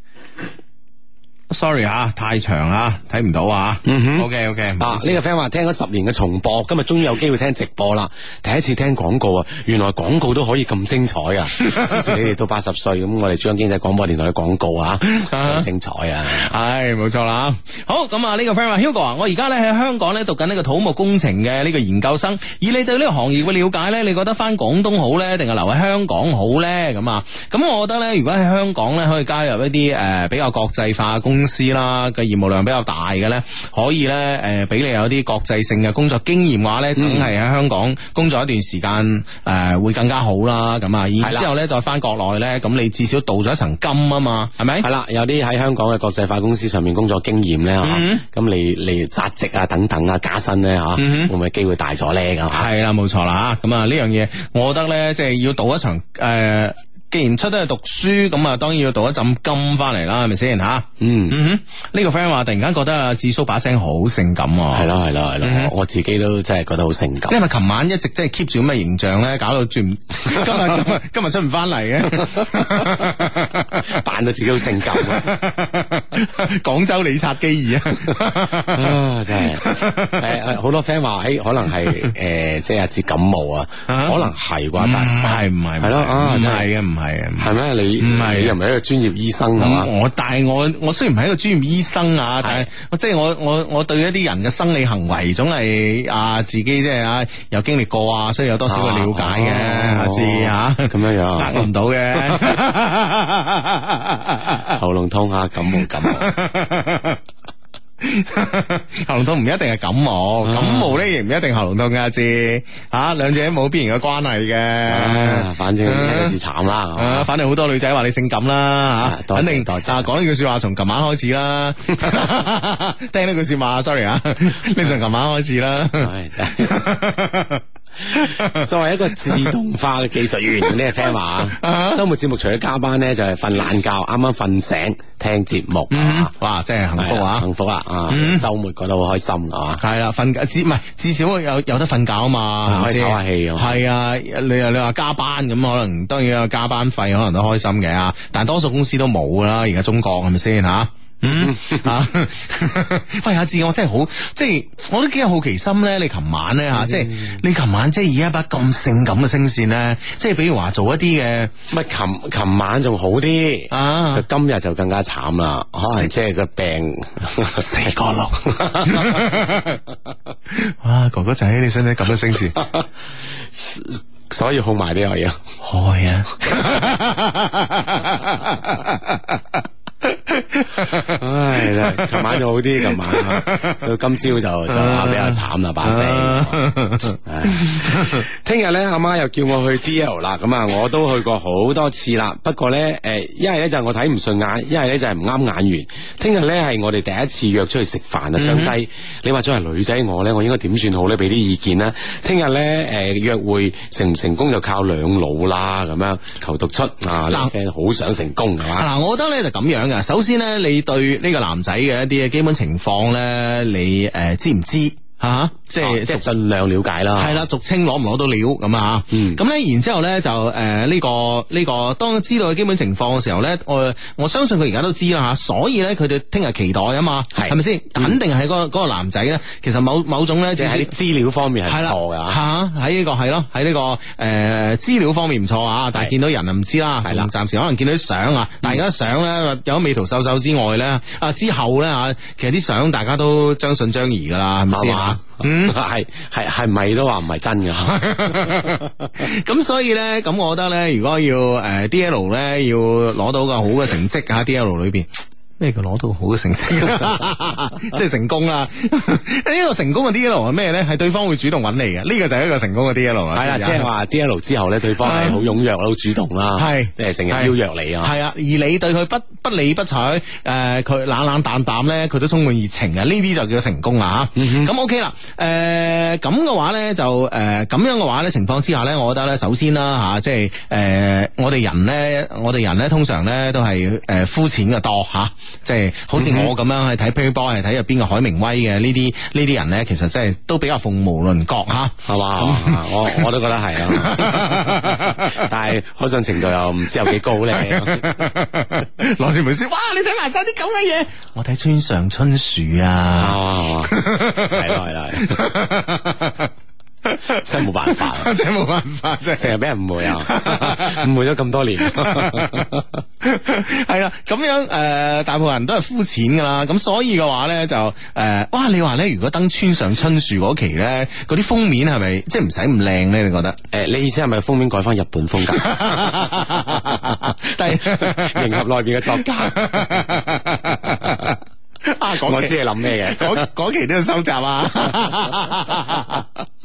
sorry 啊，太長啊，睇唔到啊，嗯哼，ok ok，啊呢個 friend 話聽咗十年嘅重播，今日終於有機會聽直播啦，第一次聽廣告啊，原來廣告都可以咁精彩啊， 支持你哋到八十歲，咁我哋珠江經濟廣播電台嘅廣告啊，咁 精彩啊，係冇錯啦，好，咁啊呢個 friend 話，Hugo 啊，我而家咧喺香港咧讀緊呢個土木工程嘅呢個研究生，以你對呢個行業嘅了解咧，你覺得返廣東好咧，定係留喺香港好咧？咁啊，咁我覺得咧，如果喺香港咧可以加入一啲誒比較國際化嘅工程。公司啦嘅業務量比較大嘅咧，可以咧誒俾你有啲國際性嘅工作經驗話咧，梗係喺香港工作一段時間誒會更加好啦咁啊，然之後咧再返國內咧，咁你至少鍍咗一層金啊嘛，係咪？係啦，有啲喺香港嘅國際化公司上面工作經驗咧，咁你你扎職啊等等啊加薪咧吓，會唔會機會大咗咧咁？係啦，冇錯啦吓，咁啊呢樣嘢，我覺得咧即係要鍍一層誒。既然出得去讀書，咁啊當然要讀一浸金翻嚟啦，係咪先吓？嗯嗯，呢個 friend 話突然間覺得阿智叔把聲好性感，係咯係咯係咯，我自己都真係覺得好性感。因為琴晚一直即係 keep 住咁嘅形象咧，搞到轉今日今日出唔翻嚟嘅，扮到自己好性感。廣州理察基爾啊，真係好多 friend 話誒，可能係誒即係阿智感冒啊，可能係啩？但係唔係唔係，係咯真係嘅唔。係啊，係咩？你唔係是你又唔係一個專業醫生啊、嗯？我但係我我雖然唔係一個專業醫生啊，但係即係我我我對一啲人嘅生理行為總係啊自己即係啊有經歷過啊，所以有多少個了解嘅，注意吓。咁樣樣，唔到嘅喉嚨痛啊，感冒感冒。 喉嚨痛唔一定係感冒，感冒咧亦唔一定喉嚨痛嘅，知吓兩者冇必然嘅關係嘅、啊。反正有時慘啦，啊啊、反正好多女仔話你性感啦吓，啊、肯定代真講呢句說話從琴晚開始啦， 聽呢句說話，sorry 啊，你就琴晚開始啦。 作為一個自動化嘅技術員，你係聽話啊？周末節目除咗加班咧，就係瞓懶覺，啱啱瞓醒聽節目，嗯啊、哇，真係幸福啊！啊啊幸福啊！嗯、啊，周末覺得好開心噶，係啦、嗯，瞓至唔係至少有有得瞓覺啊嘛，嗯、是是可以唞下氣。係啊，你你話加班咁，可能當然有加班費，可能都開心嘅啊。但多數公司都冇啦，而家中國係咪先吓？是 嗯吓， 喂阿志，啊，我真係好，即係我都幾有好奇心咧。你琴晚咧吓，嗯，即係你琴晚即係以一把咁性感嘅聲線咧，即係比如話做一啲嘅，唔琴琴晚仲好啲啊，就今日就更加慘啦。四可能即係個病死角落， 哇哥哥仔，你使唔使咁嘅聲線？ 所，以所以好埋呢樣嘢，家開啊。琴晚就好啲，琴晚到今朝就就比較慘啦，把聲。聽日 呢，阿媽又叫我去 D L 啦，咁啊我都去過好多次啦。不過呢，誒一係呢，就我睇唔順眼，一係呢，就係唔啱眼緣。聽日呢，係我哋第一次約出去食飯啊，上弟，嗯、哼你話咗係女仔，我呢，我應該點算好呢？俾啲意見啦。聽日呢，誒約會成唔成功就靠兩老啦，咁樣求獨出啊！男 friend 好想成功啊！嗱喇，我覺得呢，就咁樣噶。首先呢，你對呢個男仔嘅一啲嘅基本情況呢，你誒、呃、知唔知？啊！即係即係盡量了解啦，係啦，俗稱攞唔攞到料咁啊！咁咧，嗯、然之後咧就誒呢、呃呢個呢、呢個，當知道嘅基本情況嘅時候咧，我我相信佢而家都知啦吓，所以咧佢哋聽日期待啊嘛，係咪先？吧肯定係嗰、嗰個個、嗯、男仔咧，其實某某種咧，即係資料方面係錯噶吓，喺呢、啊呢個係咯，喺呢、呢個誒、呃、資料方面唔錯啊，但係見到人啊唔知啦，係啦是，暫時可能見到啲相啊，大家相咧有美圖秀秀之外咧啊之後咧吓，其實啲相大家都將信將疑噶啦，係咪先？嗯，係係係咪都話唔係真噶？咁 所以咧，咁我覺得咧，如果要誒、呃、D L 咧，要攞到個好嘅成績啊 D L 裏邊。咩？佢攞到好嘅成績，即 係成功啊！呢 個成功嘅 D L 係咩咧？係對方會主動揾你嘅，呢、這個就係一個成功嘅 D L 啦。係啊，即係話 D L 之後咧，對方係好踴躍好主動啦，係即係成日邀約你啊。係啊，而你對佢不不理不睬，誒佢冷冷淡淡咧，佢都充滿熱情啊！呢啲就叫成功啦吓。咁、嗯、哼 OK 啦，誒咁嘅話咧就誒咁、呃、樣嘅話咧情況之下咧，我覺得咧首先啦吓，即係誒我哋人咧，我哋人咧通常咧都係誒膚淺嘅多吓。啊。即係好似我咁樣、mm hmm. 去睇 Playboy，係睇入邊嘅海明威嘅呢啲呢啲人咧，其實真係都比較鳳毛麟角吓，係、啊、嘛吧那？我我都覺得係啊， 但係可信程度又唔知有幾高咧。攞住本書，哇！你睇埋晒啲咁嘅嘢，我睇《村上春樹》啊，係啦係啦。真係冇辦法， 真係冇辦法，真係成日俾人誤會啊！誤 會咗咁多年，係 啦，咁樣誒、呃，大部分人都係膚淺噶啦，咁所以嘅話咧就誒、呃，哇！你話咧，如果登《村上春樹》嗰期咧，嗰啲封面係咪即係唔使咁靚咧？你覺得？誒、呃，你意思係咪封面改翻日本風格？ 但係是 迎合內邊嘅作家啊？我知你諗咩嘅？嗰 期都要收集啊！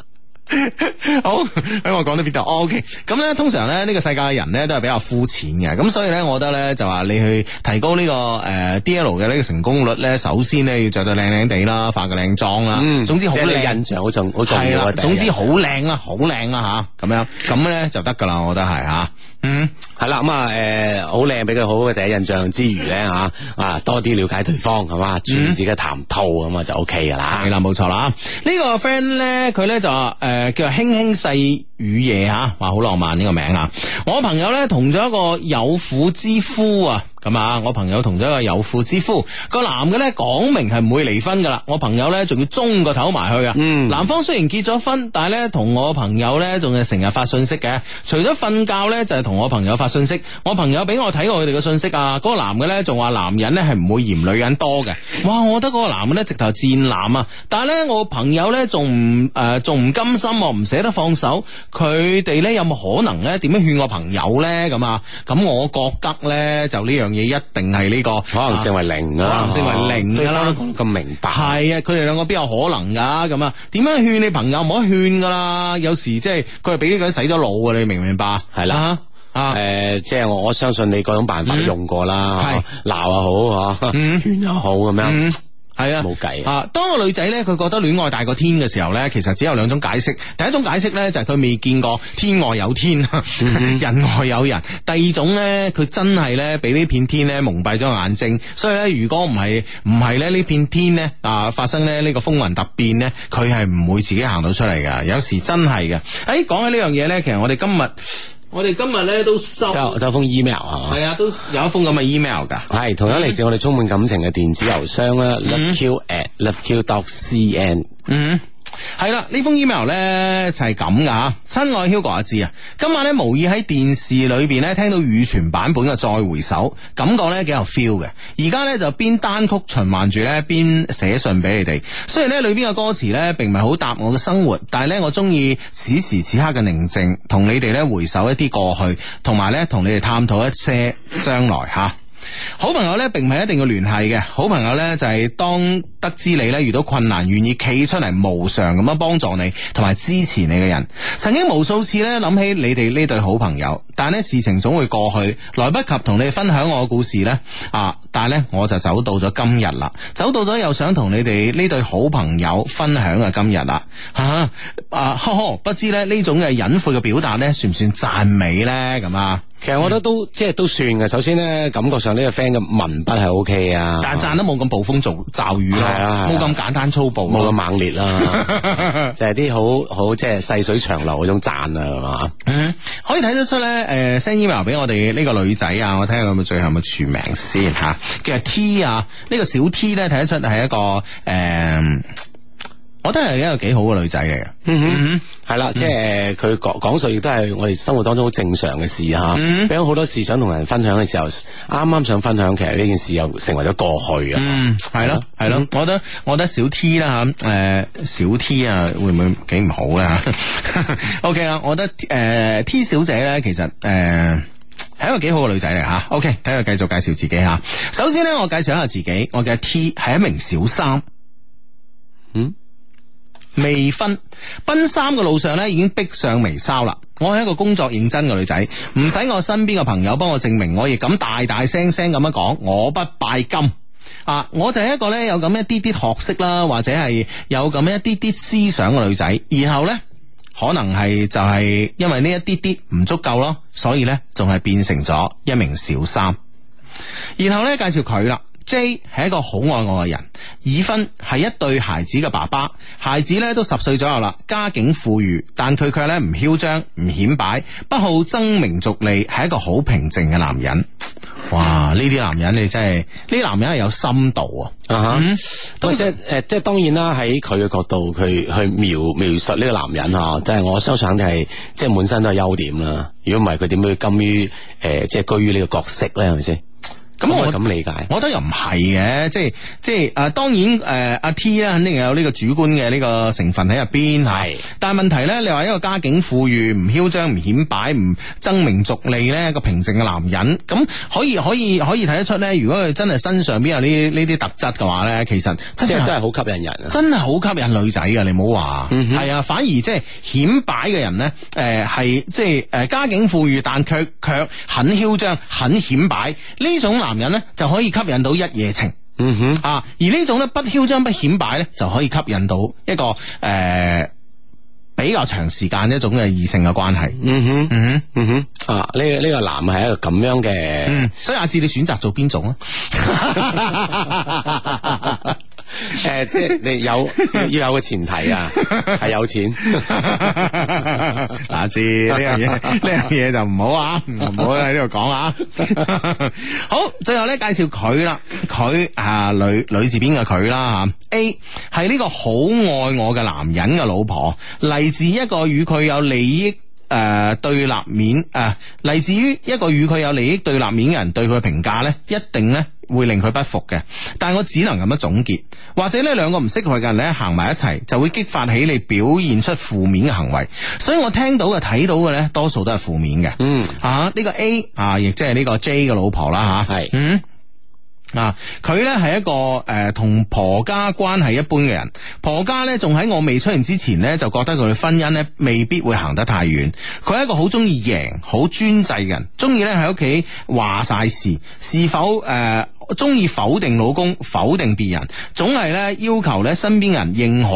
好，喺我講到邊度？哦，OK。咁咧，通常咧呢個世界嘅人咧都係比較膚淺嘅，咁所以咧，我覺得咧就話你去提高呢個誒 D L 嘅呢個成功率咧，首先咧要着到靚靚地啦，化個靚妝啦。嗯，總之好靚印象好重，好重要嘅。係啦，總之好靚啊，好靚啊，吓，咁樣咁咧就得噶啦，我覺得係吓。嗯，係啦，咁啊誒，好靚俾佢好嘅第一印象之餘咧吓啊，多啲了解對方，係嘛，注意自己談吐，咁啊就 OK 噶啦。係啦，冇錯啦。呢個 friend 咧，佢咧就誒。誒，叫做《輕輕細雨夜》吓，話好浪漫，呢個名啊！我朋友咧同咗一個有婦之夫啊。咁啊、那個，我朋友同咗一個有婦之夫，個、嗯、男嘅呢，講明係唔會離婚噶啦。我朋友呢，仲要舂個頭埋去啊！男方雖然結咗婚，但係呢，同我朋友呢，仲係成日發信息嘅。除咗瞓覺呢，就係、是、同我朋友發信息。我朋友俾我睇過佢哋嘅信息啊，嗰、那個男嘅呢，仲話男人呢係唔會嫌女人多嘅。哇！我覺得嗰個男嘅呢，直頭賤男啊！但係呢，我朋友呢，仲誒仲唔甘心啊，唔捨得放手。佢哋呢，有冇可能呢？點樣勸我朋友呢？咁啊？咁我覺得呢，就呢樣。嘢一定係呢、這個，可能性為零、啊、可能性為零啦。啊、對翻咁明白。係啊，佢哋兩個邊有可能噶咁啊？點樣勸你朋友唔可以勸噶啦？有時即係佢係俾啲鬼洗咗腦噶，你明唔明白？係啦的，啊，誒、啊呃，即係我我相信你嗰種辦法用過啦，鬧又、嗯啊、好，吓、啊，勸又、嗯、好咁樣。嗯係啊，冇計啊！啊，當個女仔呢，佢覺得戀愛大過天嘅時候呢，其實只有兩種解釋。第一種解釋呢，就係佢未見過天外有天，嗯、哼人外有人。第二種呢，佢真係呢，俾呢片天呢蒙蔽咗眼睛，所以呢，如果唔係唔係呢呢片天呢啊發生呢呢個風雲突變呢，佢係唔會自己行到出嚟噶。有時真係嘅。誒、哎，講起呢樣嘢呢，其實我哋今日。我哋今日咧都收收封 email 啊，係啊，都有一封咁嘅 email 噶，係同樣嚟自我哋充滿感情嘅電子郵箱啦。Mm hmm. loveq at loveq dot cn 嗯。係啦，呢封 email 呢就係咁噶吓。親愛 Hugo，阿志啊，今晚呢無意喺電視裏邊呢聽到羽泉版本嘅《再回首》，感覺呢幾有 feel 嘅。而家呢就邊單曲循環住呢邊寫信俾你哋。雖然呢裏邊嘅歌詞呢並唔係好搭我嘅生活，但係呢我中意此時此刻嘅寧靜，同你哋呢回首一啲過去，同埋呢同你哋探討一些將來吓。好朋友呢，並唔係一定要聯繫嘅。好朋友呢，就係當得知你呢遇到困難，願意企出嚟，無償咁樣幫助你，同埋支持你嘅人。曾經無數次呢諗起你哋呢對好朋友，但呢事情總會過去，來不及同你哋分享我嘅故事呢。啊！但係咧，我就走到咗今日啦，走到咗又想同你哋呢對好朋友分享嘅今日啦，啊啊，呵呵，不知咧呢種嘅隱晦嘅表達咧，算唔算讚美咧咁啊？其實我覺得都、嗯、即係都算嘅。首先咧，感覺上呢個 friend 嘅文筆係 OK 啊，但係讚都冇咁暴風驟驟雨啊，冇咁簡單粗暴，冇咁猛烈啦，啊， 就係啲好好即係細水長流嗰種讚啊，係嘛？可以睇得出咧，誒，send email 俾我哋呢個女仔啊，我睇下佢最後有冇署名先吓。其實 T 啊，呢個小 T 咧，睇得出係一個誒、呃，我覺得係一個幾好嘅女仔嚟嘅。嗯哼嗯係啦，即係佢講講述亦都係我哋生活當中好正常嘅事吓。嗯，俾咗好多事想同人分享嘅時候，啱啱想分享，其實呢件事又成為咗過去啊。嗯，係咯係咯，嗯、我覺得我覺得小 T 啦、呃、吓，誒小 T 啊，會唔會幾唔好咧吓？OK 啦，我覺得誒、呃、T 小姐咧，其實誒。呃係一個幾好嘅女仔嚟吓，OK，睇佢繼續介紹自己吓。首先咧，我介紹一下自己，我嘅 T 係一名小三，嗯，未婚，奔三嘅路上咧已經逼上眉梢啦。我係一個工作認真嘅女仔，唔使我身邊嘅朋友幫我證明，我亦咁大大聲聲咁樣講，我不拜金啊！我就係一個咧有咁一啲啲學識啦，或者係有咁一啲啲思想嘅女仔，然後呢。可能係就係因為呢一啲啲唔足夠咯，所以咧仲係變成咗一名小三，然後咧介紹佢啦。J 係一個好愛我嘅人，已婚係一對孩子嘅爸爸，孩子咧都十歲左右啦，家境富裕，但佢卻咧唔囂張唔顯擺，不好爭名逐利，係一個好平靜嘅男人。哇！呢啲男人你真係，呢啲男人係有深度啊！啊即係誒，即係、呃、當然啦，喺佢嘅角度，佢去，去描描述呢個男人嗬、啊就是，即係我相信係即係滿身都係優點啦。如果唔係，佢點會甘於誒即係居於呢個角色咧？係咪先？咁我咁理解，我覺得又唔係嘅，即係即係誒、呃、當然誒阿、呃、T 咧，肯定有呢個主觀嘅呢個成分喺入邊，係是，但係問題咧，你話一個家境富裕、唔囂張唔顯擺唔爭名逐利咧，個平靜嘅男人，咁可以可以可以睇得出咧。如果佢真係身上邊有呢呢啲特質嘅話咧，其實真係真係好吸引人，真係好吸引女仔嘅。你唔好話，係、嗯、哼啊，反而即係顯擺嘅人咧，誒係即係誒家境富裕，但卻卻很囂張很顯擺呢種。男人咧就可以吸引到一夜情，嗯哼，啊，而呢種咧不囂張不顯擺咧就可以吸引到一個誒、呃、比較長時間一種嘅異性嘅關係，嗯哼，嗯哼，嗯哼，啊，呢、這、呢個男係一個咁樣嘅、嗯，所以阿志你選擇做邊種啊？ 誒、 呃，即係你有要，要有個前提啊，係有錢。嗱， 知呢樣嘢，呢樣嘢就唔好啊，唔好喺呢度講啊。 好，最後咧介紹佢啦，佢、呃、啊女女字邊嘅佢啦吓，A 係呢個好愛我嘅男人嘅老婆，嚟自一個與佢有利益誒、呃、對立面誒，嚟、啊、自於一個與佢有利益對立面嘅人對佢嘅評價咧，一定咧。會令佢不服嘅，但我只能咁樣總結，或者呢兩個唔識佢嘅人咧行埋一齊，就會激發起你表現出負面嘅行為。所以我聽到嘅、睇到嘅呢，多數都係負面嘅。嗯，啊呢、呢個 A 啊，亦即係呢個 J 嘅老婆啦，吓、啊、係是嗯啊佢呢係一個誒同、呃、婆家關係一般嘅人，婆家呢，仲喺我未出現之前呢，就覺得佢嘅婚姻呢未必會行得太遠。佢係一個好中意贏、好專制嘅人，中意呢喺屋企話晒事，是否誒？呃中意否定老公，否定別人，總係咧要求咧身邊人認可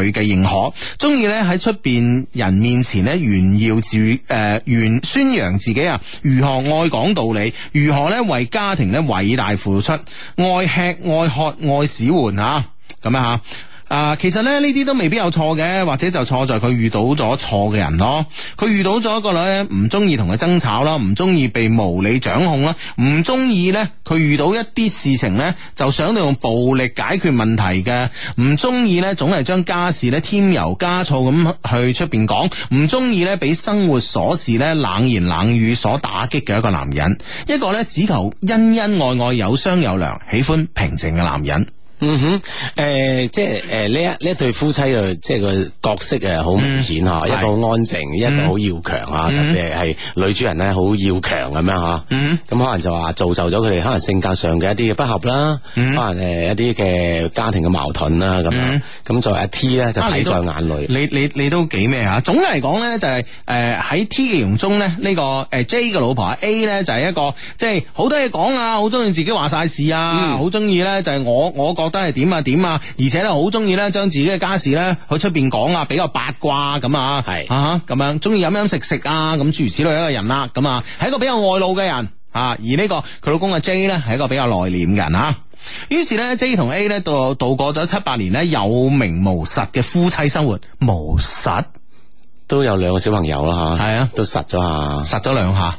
佢嘅認可，中意咧喺出邊人面前咧炫耀自誒、呃、宣宣揚自己啊，如何愛講道理，如何咧為家庭咧偉大付出，愛吃愛喝愛使喚啊，咁樣吓。啊，其實咧呢啲都未必有錯嘅，或者就錯在佢遇到咗錯嘅人咯。佢遇到咗一個女，唔中意同佢爭吵啦，唔中意被無理掌控啦，唔中意呢，佢遇到一啲事情呢，就想到用暴力解決問題嘅，唔中意呢，總係將家事呢添油加醋咁去出邊講，唔中意呢，俾生活瑣事呢冷言冷語所打擊嘅一個男人，一個呢，只求恩恩愛愛有商有量，喜歡平靜嘅男人。嗯哼，誒，即係誒呢一呢一對夫妻嘅即係個角色誒好明顯吓，一個安靜，一個好要強啊特別係女主人咧好要強咁樣吓，咁可能就話造就咗佢哋可能性格上嘅一啲嘅不合啦，可能誒一啲嘅家庭嘅矛盾啦咁樣，咁作為阿 T 咧就睇在眼裏你你你都幾咩啊總嘅嚟講咧就係誒喺 T 嘅形容中咧呢個誒 J 嘅老婆啊 A 咧就係一個即係好多嘢講啊，好鍾意自己話晒事啊，好鍾意咧就係我我講。覺得係點啊點啊，而且咧好中意咧將自己嘅家事咧去出邊講啊，比較八卦咁是啊，係啊哈咁樣，中意飲飲食食啊，咁諸如此類一個人啦，咁啊係一個比較外露嘅人啊，而呢、這個佢老公阿 J 呢，係一個比較內斂嘅人啊，於是呢 J 同 A 呢，度度過咗七八年呢有名無實嘅夫妻生活，無實都有兩個小朋友啦吓，係啊，都實咗下，實咗兩下。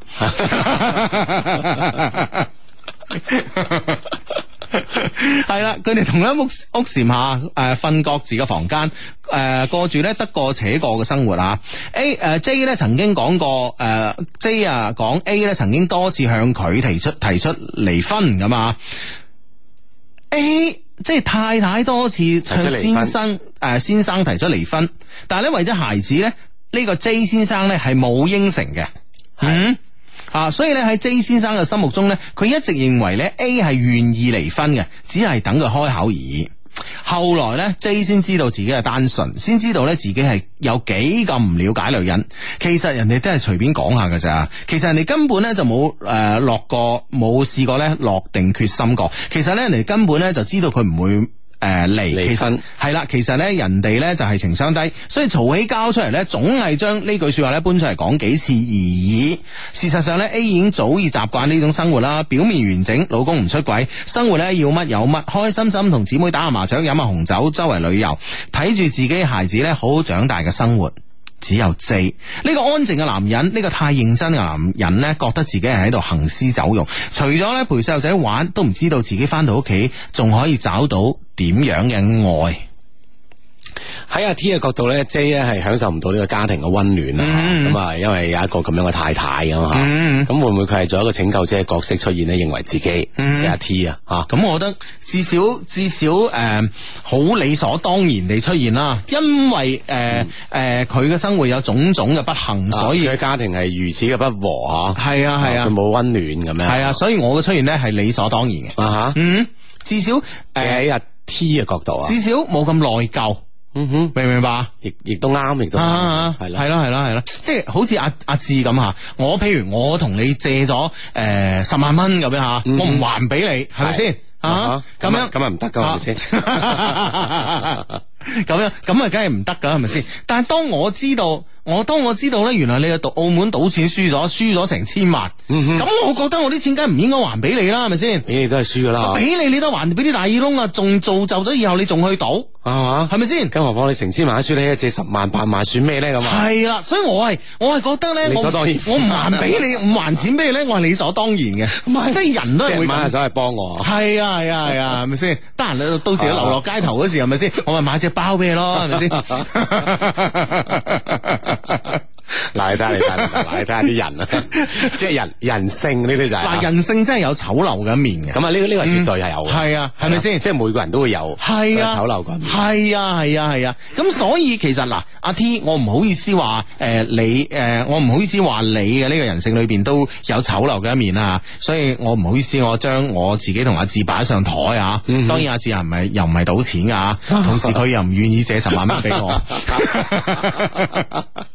係啦，佢哋 同一屋屋檐下，誒瞓各自嘅房間，誒、呃、過住咧得過且過嘅生活啊。A、呃、誒 J 咧曾經講過，誒、呃、J 啊講 A 咧曾經多次向佢提出提出離婚噶嘛。A 即係太太多次向先生誒、呃、先生提出離婚，但係咧為咗孩子咧呢、這個 J 先生咧係冇應承嘅。嗯。啊，所以咧喺 J 先生嘅心目中呢，佢一直認為呢 A 係願意離婚嘅，只係等佢開口而已。後來呢 J 先知道自己係單純，先知道呢自己係有幾咁唔了解女人。其實人哋都係隨便講下㗎咋，其實人哋根本呢就冇誒、呃、落過，冇試過呢落定決心過。其實呢，人哋根本呢就知道佢唔會。誒，嚟、呃、開其實係啦，其實咧人哋咧就係情商低，所以嘈起交出嚟咧，總係將呢句說話咧搬出嚟講幾次而已。事實上咧，A 已經早已習慣呢種生活啦，表面完整，老公唔出軌，生活咧要乜有乜，開心心同姊妹打下麻雀，飲下紅酒，周圍旅遊，睇住自己孩子咧好好長大嘅生活。只有寂，呢個安靜嘅男人，呢個太認真嘅男人咧，覺得自己係喺度行屍走肉，除咗咧陪細路仔玩，都唔知道自己翻到屋企仲可以找到點樣嘅愛。喺阿 T 嘅角度咧，J 咧係享受唔到呢個家庭嘅溫暖啊。咁啊、嗯，因為有一個咁樣嘅太太啊嘛，咁、嗯、會唔會佢係做一個拯救者嘅角色出現咧？認為自己即係阿 T、嗯、啊，吓咁，我覺得至少至少誒，好、呃、理所當然地出現啦。因為誒誒，佢、呃、嘅、嗯呃、生活有種種嘅不幸，所以佢、啊、家庭係如此嘅不和啊。係啊係啊，佢冇溫暖咁樣，係啊。所以我嘅出現咧係理所當然嘅啊，嗯，至少誒喺阿 T 嘅角度啊，至少冇咁內疚。嗯哼，明唔明白？亦，亦亦都啱，亦都啱，係啦，係 啦，係啦、啊，係啦、啊，即係、啊啊啊啊就是、好似阿阿志咁吓，我譬如我同你借咗誒十萬蚊咁樣吓，嗯、我唔還俾你，係咪先？吧啊，咁樣咁啊唔得噶，係咪先？咁樣咁啊，梗係唔得噶，係咪先？但係當我知道，我當我知道咧，原來你係賭澳門賭錢輸咗，輸咗成千萬，咁我覺得我啲錢梗係唔應該還俾你啦，係咪先？俾你都係輸噶啦，俾你你都還俾啲大耳窿啊，仲造就咗以後你仲去賭啊嘛？係咪先？更何況你成千萬輸，你借十萬八萬算咩咧？咁啊，係啦，所以我係我係覺得咧，理所當然，我唔還俾你，唔還錢俾你咧，我係理所當然嘅，唔係即係人都係會咁。即係買下手係幫我，係啊。係啊係啊，係咪先？得閒你到時都流落街頭嗰時，係咪先？我咪買隻包俾你咯，係咪先？嗱，你睇下，你睇下，嗱，你睇下啲人啊，即係 人人性呢啲就係，嗱，人性,、就是、 人性真係有醜陋嘅一面嘅。咁啊、這個，呢個呢個絕對係有。係、嗯、啊，係咪先？即係每個人都會有醜陋嘅一面。係啊，係啊，係啊。咁、啊、所以其實嗱，阿、啊、T，我唔好意思話，誒、呃，你，誒、呃，我唔好意思話你嘅呢個人性裏邊都有醜陋嘅一面啊，所以我唔好意思，我將我自己同阿志擺上台啊。嗯、哼當然阿智，阿志係唔係又唔係賭錢噶？同時，佢又唔願意借十萬蚊俾我。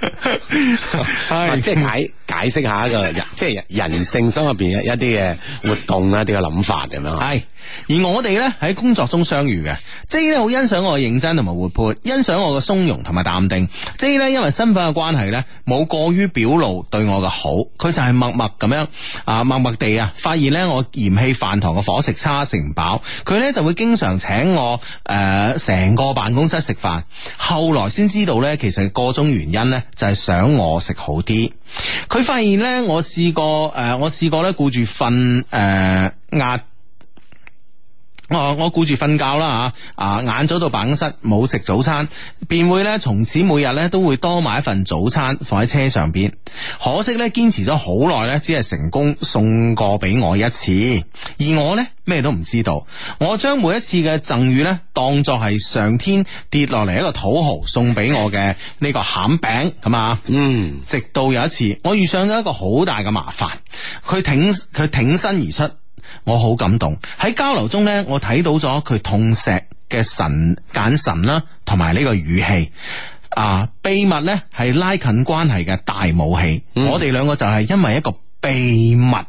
即係解解釋下一個即係人性心入邊一啲嘅活動啦，一啲嘅諗法咁樣。係 而我哋呢，喺工作中相遇嘅 J 咧，好欣賞我嘅認真同埋活潑，欣賞我嘅從容同埋淡定。J 咧因為身份嘅關係呢，冇過於表露對我嘅好，佢就係默默咁樣啊，默默地啊，發現呢，我嫌棄飯堂嘅伙食差，食唔飽。佢呢就會經常請我誒成、呃、個辦公室食飯。後來先知道呢，其實個中原因呢。就係想我食好啲，佢發現咧，我試過誒，我試過咧，顧住瞓誒壓。呃、我我顧住瞓覺啦吓，啊晏咗到辦公室冇食早餐，便會咧從此每日咧都會多買一份早餐放喺車上邊。可惜咧堅持咗好耐咧，只係成功送過俾我一次。而我咧咩都唔知道，我將每一次嘅贈予咧當作係上天跌落嚟一個土豪送俾我嘅呢個餡餅咁啊。嗯，直到有一次我遇上咗一個好大嘅麻煩，佢挺佢挺身而出。我好感動，喺交流中呢，我睇到咗佢痛錫嘅神眼神啦，同埋呢個語氣啊，秘密呢係拉近關係嘅大武器。嗯、我哋兩個就係因為一個秘密啊，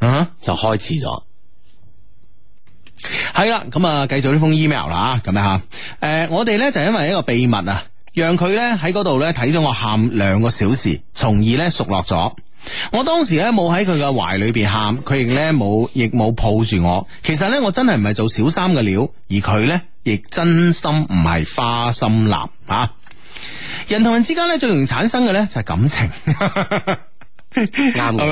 嗯、就開始咗。係啦、嗯，咁啊，繼續呢封 email 啦吓，咁樣吓。誒，我哋呢就因為一個秘密啊，讓佢呢喺嗰度呢睇咗我喊兩個小時，從而呢熟落咗。我當時咧冇喺佢嘅懷裏邊喊，佢亦咧冇亦冇抱住我。其實咧我真係唔係做小三嘅料，而佢咧亦真心唔係花心男。吓，啊，人同人之間咧最容易產生嘅咧就係感情。 啱 噶，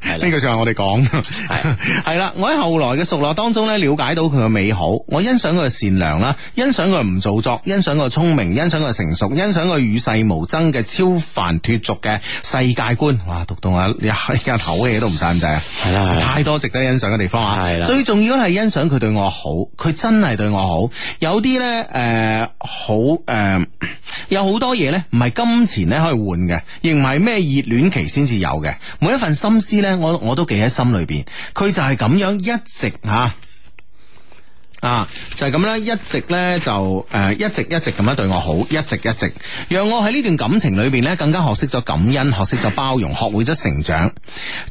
係呢 個就係我哋講，係，係啦。我喺後來嘅熟落當中咧，了解到佢嘅美好，我欣賞佢嘅善良啦，欣賞佢唔做作，欣賞佢聰明，欣賞佢成熟，欣賞佢與世無爭嘅超凡脫俗嘅世界觀。哇，讀到啊，一口氣都唔晒咁滯啊，係啦 了，太多值得欣賞嘅地方啊，係啦 了。最重要係欣賞佢對我好，佢真係對我好。有啲咧，誒、呃，好、呃、誒，有好多嘢咧，唔係金錢咧可以換嘅，亦唔係咩熱戀期先至有。每一份心思咧，我我都記喺心裏邊。佢就係咁樣一直吓。啊啊，就係咁咧，一直咧就誒、呃，一直一直咁樣對我好，一直一直，讓我喺呢段感情裏邊咧，更加學識咗感恩，學識咗包容，學會咗成長。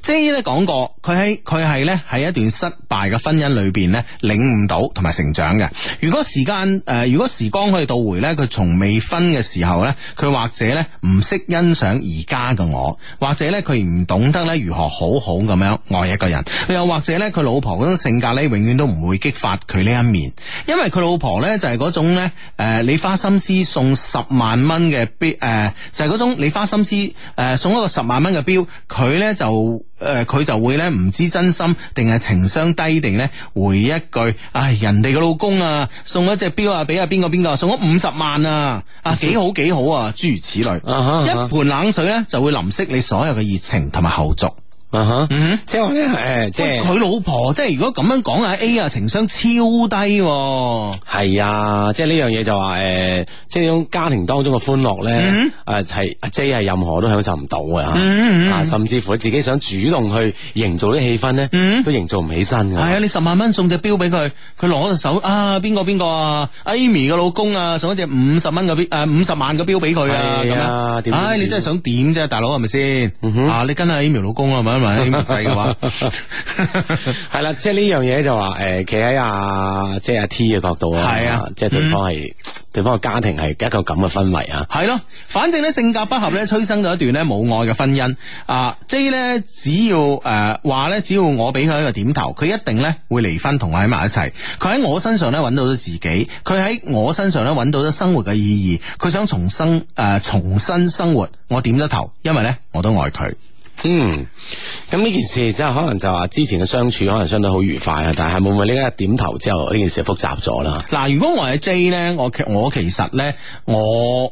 即咧講過，佢喺佢係咧喺一段失敗嘅婚姻裏邊咧，領悟到同埋成長嘅。如果時間誒、呃，如果時光可以倒回咧，佢從未婚嘅時候咧，佢或者咧唔識欣賞而家嘅我，或者咧佢唔懂得咧如何好好咁樣愛一個人，又或者咧佢老婆種性格咧，永遠都唔會激發佢呢。一因為佢老婆呢，就係嗰種呢，誒，你花心思送十萬蚊嘅錶，誒、呃，就係、是、嗰種你花心思誒送一個十萬蚊嘅錶，佢呢，就誒佢、呃、就會呢，唔知真心定係情商低定呢？回一句，唉、哎，人哋嘅老公啊，送咗一隻錶啊俾啊邊個邊個，送咗五十萬啊，啊幾好幾好啊，諸如此類， 一盆冷水呢，就會淋熄你所有嘅熱情同埋後續。啊哈、 嗯喔，即係咧，誒，即係佢老婆，即係如果咁樣講啊，A 啊，情商超低、啊。係啊，即係呢樣嘢就話、是、誒、欸，即係種家庭當中嘅歡樂咧，誒係阿 J 係任何都享受唔到啊，啊，嗯嗯嗯、甚至乎自己想主動去營造啲氣氛咧，都營造唔起身嘅。係、 哎、啊，你十萬蚊送隻表俾佢，佢攞隻手啊，邊個邊個？Amy 啊嘅老公啊，送一隻五十蚊嘅表，誒，五十萬嘅表俾佢啊，咁、啊、樣，樣，唉、哎哎，你真係想點啫，大佬係咪先？啊，你跟阿 Amy 老公係咪？埋喺嘅話，係啦，即係呢樣嘢就話誒，企喺阿即係阿 T 嘅角度啊，係啊，即係對方係、嗯、對方嘅家庭係一個咁嘅氛圍啊，係咯，反正咧性格不合咧，催生咗一段咧冇愛嘅婚姻啊。J 咧只要誒話咧，只要、uh, 只要我俾佢一個點頭，佢一定咧會離婚同我喺埋一齊。佢喺我身上咧揾到咗自己，佢喺我身上咧揾到咗生活嘅意義，佢想重生誒、uh, 重新生活。我點咗頭，因為咧我都愛佢。嗯，咁呢件事即係可能就話之前嘅相處可能相對好愉快啊，但係會唔會呢一點頭之後呢件事就複雜咗啦？嗱，如果我係 J 咧，我其我其實咧我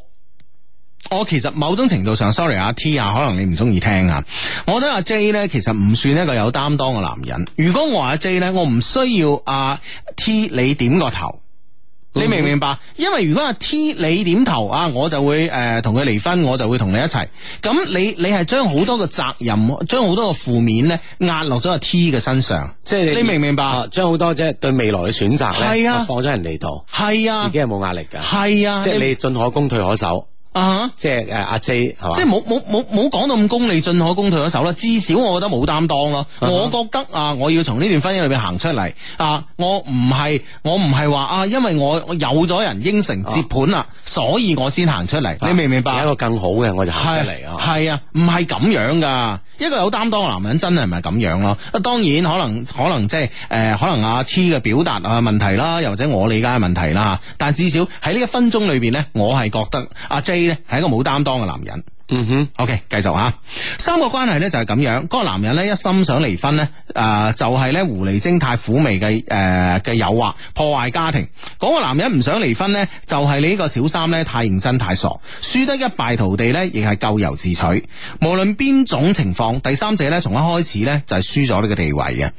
我其實某種程度上，sorry 阿 T 啊，可能你唔中意聽啊，我覺得阿 J 咧其實唔算一個有擔當嘅男人。如果我話阿 J 咧，我唔需要阿 T 你點個頭。你明唔明白？因為如果阿 T 你點頭啊，我就會誒同佢離婚，我就會同你一齊。咁你你係將好多嘅責任，將好多嘅負面咧壓落咗阿 T 嘅身上，即係你，你明唔明白？啊，將好多即係對未來嘅選擇咧放咗人哋度，係啊，啊自己係冇壓力噶，係啊，即係你進可攻退可守。啊！Uh huh. 即係誒，阿、uh, J 係嘛？即係冇冇冇講到咁功利進可攻退可守啦。至少我覺得冇擔當咯。Uh huh. 我覺得啊，我要從呢段婚姻裏邊行出嚟啊，我唔係我唔係話啊，因為我我有咗人應承接盤啦，uh huh. 所以我先行出嚟。你明唔明白？有、uh huh. 一個更好嘅，我就行出嚟、uh huh. 啊！係啊，唔係咁樣噶。一個有擔當嘅男人真係唔係咁樣咯、啊。當然可能可能即係誒，可能阿 T 嘅表達啊問題啦，又或者我理解嘅問題啦。但至少喺呢一分鐘裏邊咧，我係覺得阿 J。啊係一個冇擔當嘅男人。嗯哼、mm hmm.，OK，繼續吓。三個關係呢就係咁樣。嗰、那個男人呢，一心想離婚呢，誒、呃、就係呢狐狸精太苦味嘅誒嘅誘惑破壞家庭。嗰、那個男人唔想離婚呢，就係、是、你呢個小三呢太認真太傻，輸得一敗塗地呢，亦係咎由自取。無論邊種情況，第三者呢，從一開始呢，就係輸咗呢個地位嘅。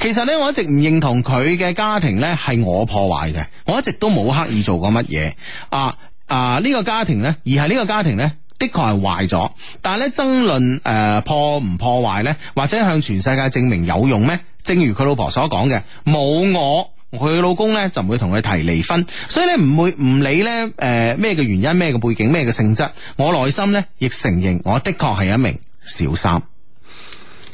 其實呢，我一直唔認同佢嘅家庭呢係我破壞嘅，我一直都冇刻意做過乜嘢啊。啊！呢個家庭咧，而係呢個家庭咧，的確係壞咗。但係咧，爭論誒破唔破壞咧，或者向全世界證明有用咩？正如佢老婆所講嘅，冇我，佢老公咧就唔會同佢提離婚。所以咧，唔會唔理咧誒咩嘅原因、咩嘅背景、咩嘅性質，我內心咧亦承認我的確係一名小三。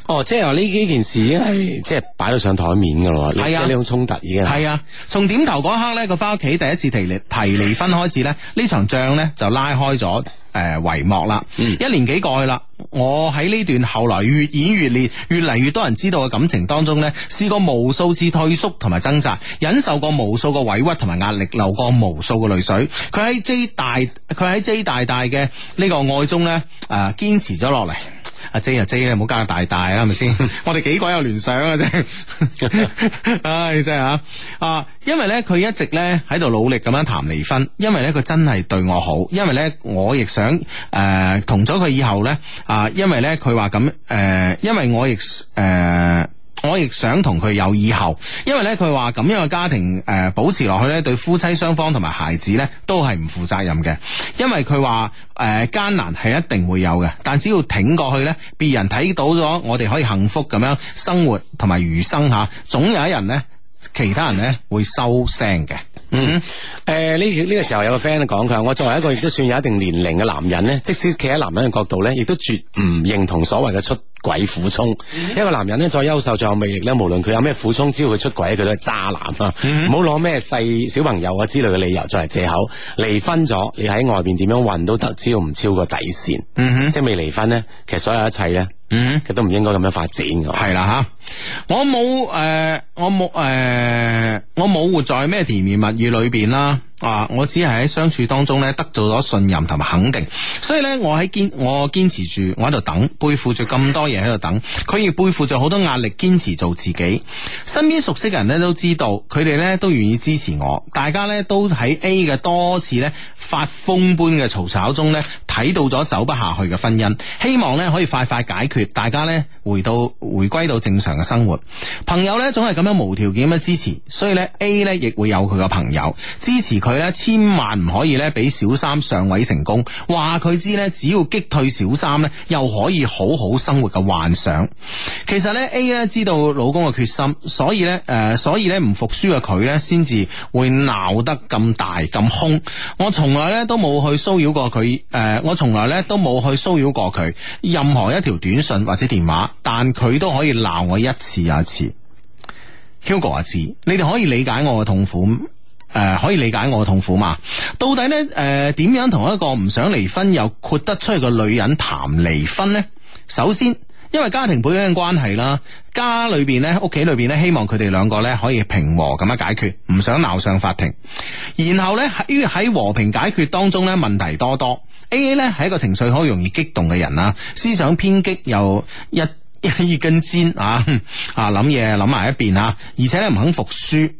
哦，即係話呢幾件事已經係的即係擺到上台面噶咯。即係呢種衝突已經係的。啊，從點頭嗰刻咧，佢翻屋企第一次提離提離婚開始咧，呢場仗咧就拉開咗。誒，帷幕啦，嗯、一年幾過去啦，我喺呢段後來越演越烈，越嚟越多人知道嘅感情當中咧，試過無數次退縮同埋掙扎，忍受過無數個委屈同埋壓力，流過無數嘅淚水。佢喺 J 大，佢喺 J 大大嘅呢個愛中咧，誒、呃，堅持咗落嚟。阿 J 啊，J 你唔好加大大啦，係咪先？ 我哋幾鬼有聯想啊，啫、 啊，唉，真係吓啊！因為咧，佢一直咧喺度努力咁樣談離婚，因為咧佢真係對我好，因為咧我亦呢想誒同咗佢以後呢，啊，因為呢，佢話咁誒，因為我亦誒、呃、我亦想同佢有以後，因為呢，佢話咁樣嘅家庭誒、呃、保持落去呢，對夫妻雙方同埋孩子呢，都係唔負責任嘅，因為佢話誒艱難係一定會有嘅，但只要挺過去呢，別人睇到咗我哋可以幸福咁樣生活同埋餘生吓，總有一人呢。其他人咧會收聲嘅。嗯，誒、嗯，呢、呃、呢、呢個時候有個 friend 講佢話，我作為一個亦都算有一定年齡嘅男人咧，即使企喺男人嘅角度咧，亦都絕唔認同所謂嘅出鬼苦衷，嗯、一個男人咧再優秀，再有魅力咧，無論佢有咩苦衷，只要佢出軌，佢都係渣男啊！唔好攞咩細小朋友啊之類嘅理由作為借口。離婚咗，你喺外邊點樣混都得，只要唔超過底線。哼、嗯，即係未離婚咧，其實所有一切咧，嗯，佢都唔應該咁樣發展。係啦吓，我冇誒、呃，我冇誒、呃，我冇活在咩甜言蜜語裏邊啦。啊！我只係喺相處當中咧，得到咗信任同埋肯定，所以咧我喺堅我堅持住，我喺度等，背負住咁多嘢喺度等，佢亦背負住好多壓力，堅持做自己。身邊熟悉嘅人咧都知道，佢哋咧都願意支持我，大家咧都喺 A 嘅多次咧發瘋般嘅嘈吵中咧睇到咗走不下去嘅婚姻，希望咧可以快快解決，大家咧回到回歸到正常嘅生活。朋友咧總係咁樣無條件咁樣支持，所以咧 A 咧亦會有佢嘅朋友支持佢。佢咧千萬唔可以咧俾小三上位成功，話佢知咧，只要擊退小三咧，又可以好好生活嘅幻想。其實咧 A 咧知道老公嘅決心，所以咧誒，所以咧唔服輸嘅佢咧先至會鬧得咁大咁凶。我從來咧都冇去騷擾過佢，誒、呃，我從來咧都冇去騷擾過佢任何一條短訊、或者電話，但佢都可以鬧我一次又一次。Hugo 話知，你哋可以理解我嘅痛苦。誒、呃，可以理解我嘅痛苦嘛？到底咧，誒、呃，點樣同一個唔想離婚又豁得出去嘅女人談離婚咧？首先，因為家庭背景嘅關係啦，家裏邊咧，屋企裏邊咧，希望佢哋兩個咧可以平和咁樣解決，唔想鬧上法庭。然後咧，喺於喺和平解決當中咧，問題多多。A A 咧係一個情緒好容易激動嘅人啊，思想偏激又一一根尖啊啊，諗嘢諗埋一邊啊，而且咧唔肯服輸。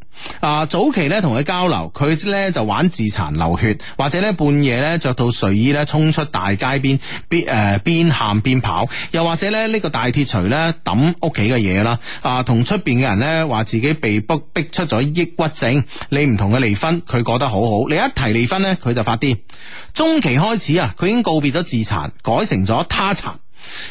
啊！早期咧同佢交流，佢咧就玩自殘流血，或者咧半夜咧着到睡衣咧衝出大街邊邊誒、呃、邊喊邊跑，又或者咧呢、這個大鐵錘咧抌屋企嘅嘢啦。啊，同出邊嘅人咧話自己被迫逼出咗抑鬱症，你唔同佢離婚，佢過得好好。你一提離婚咧，佢就發癲。中期開始啊，佢已經告別咗自殘，改成咗他殘。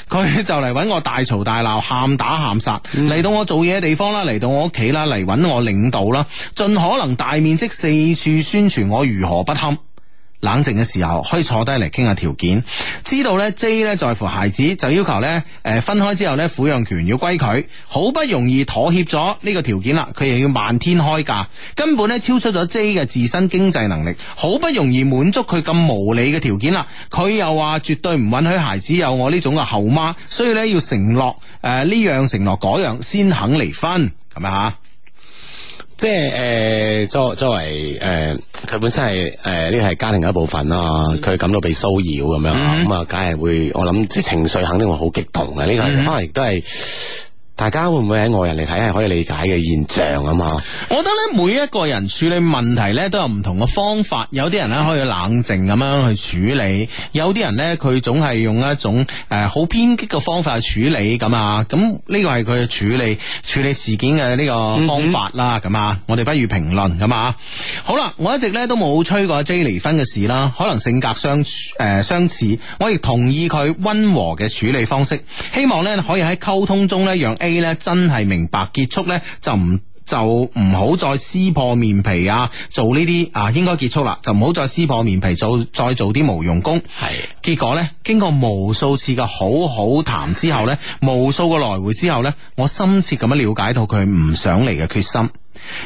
佢就嚟揾我大嘈大鬧、喊打喊殺，嚟、嗯、到我做嘢嘅地方啦，嚟到我屋企啦，嚟揾我領導啦，盡可能大面積四處宣傳我如何不堪。冷靜嘅時候，可以坐低嚟傾下條件。知道咧 J 咧在乎孩子，就要求咧，誒分開之後咧，撫養權要歸佢。好不容易妥協咗呢個條件啦，佢又要漫天開價，根本咧超出咗 J 嘅自身經濟能力。好不容易滿足佢咁無理嘅條件啦，佢又話絕對唔允許孩子有我呢種嘅後媽，所以咧要承諾，誒、呃、呢樣承諾嗰樣先肯離婚，係咪啊？即係誒、呃，作作為誒，佢、呃、本身係誒呢個係家庭嘅一部分啦。佢、嗯、感到被騷擾咁、嗯、樣，咁啊，梗係會，我諗，即係情緒肯定會好激動嘅。呢個可能亦都係。嗯大家會唔會喺外人嚟睇，係可以理解嘅現象啊？嘛，我覺得咧，每一個人處理問題咧都有唔同嘅方法，有啲人咧可以冷靜咁樣去處理，有啲人咧佢總係用一種誒好偏激嘅方法去處理咁啊，咁呢個係佢嘅處理處理事件嘅呢個方法啦，咁啊、嗯嗯，我哋不如評論咁啊。好啦，我一直咧都冇吹過 J 離婚嘅事啦，可能性格相誒相似，我亦同意佢温和嘅處理方式，希望咧可以喺溝通中咧讓咧真係明白結束呢，就唔就唔好再撕破面皮啊！做呢啲啊，應該結束啦，就唔好再撕破面皮，做再做啲無用功。係的結果呢，經過無數次嘅好好談之後呢，的無數個來回之後呢，我深切咁樣了解到佢唔想嚟嘅決心。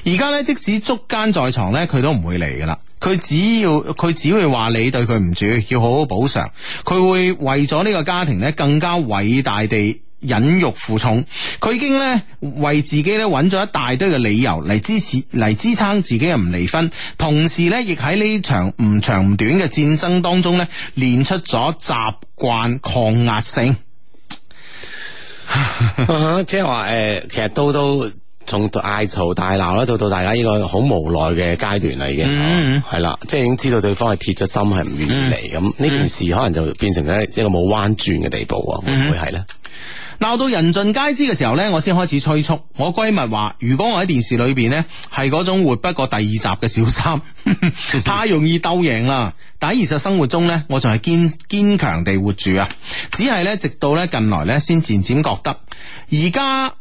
而家呢，即使捉奸在床呢，佢都唔會嚟噶啦。佢只要佢只會話你對佢唔住，要好好補償。佢會為咗呢個家庭呢更加偉大地。忍辱負重，佢已經咧為自己咧揾咗一大堆嘅理由嚟支持嚟支撐自己又唔離婚，同時咧亦喺呢場唔長唔短嘅戰爭當中咧練出咗習慣抗壓性。 啊、即係話誒，其實都都。從嗌嘈、大鬧咧，到到大家呢個好無奈嘅階段嚟嘅，係啦、mm hmm.，即係已經知道對方係鐵咗心，係唔願意嚟。咁、mm。呢、hmm. 件事可能就變成一一個冇彎轉嘅地步啊，會唔會係呢？鬧、mm hmm. 到人盡皆知嘅時候呢，我先開始催促。我閨蜜話：如果我喺電視裏邊呢，係嗰種活不過第二集嘅小三， 太容易鬥贏啦。但係現實生活中呢，我仲係堅堅強地活住啊。只係呢，直到呢近來呢，先漸漸覺得而家。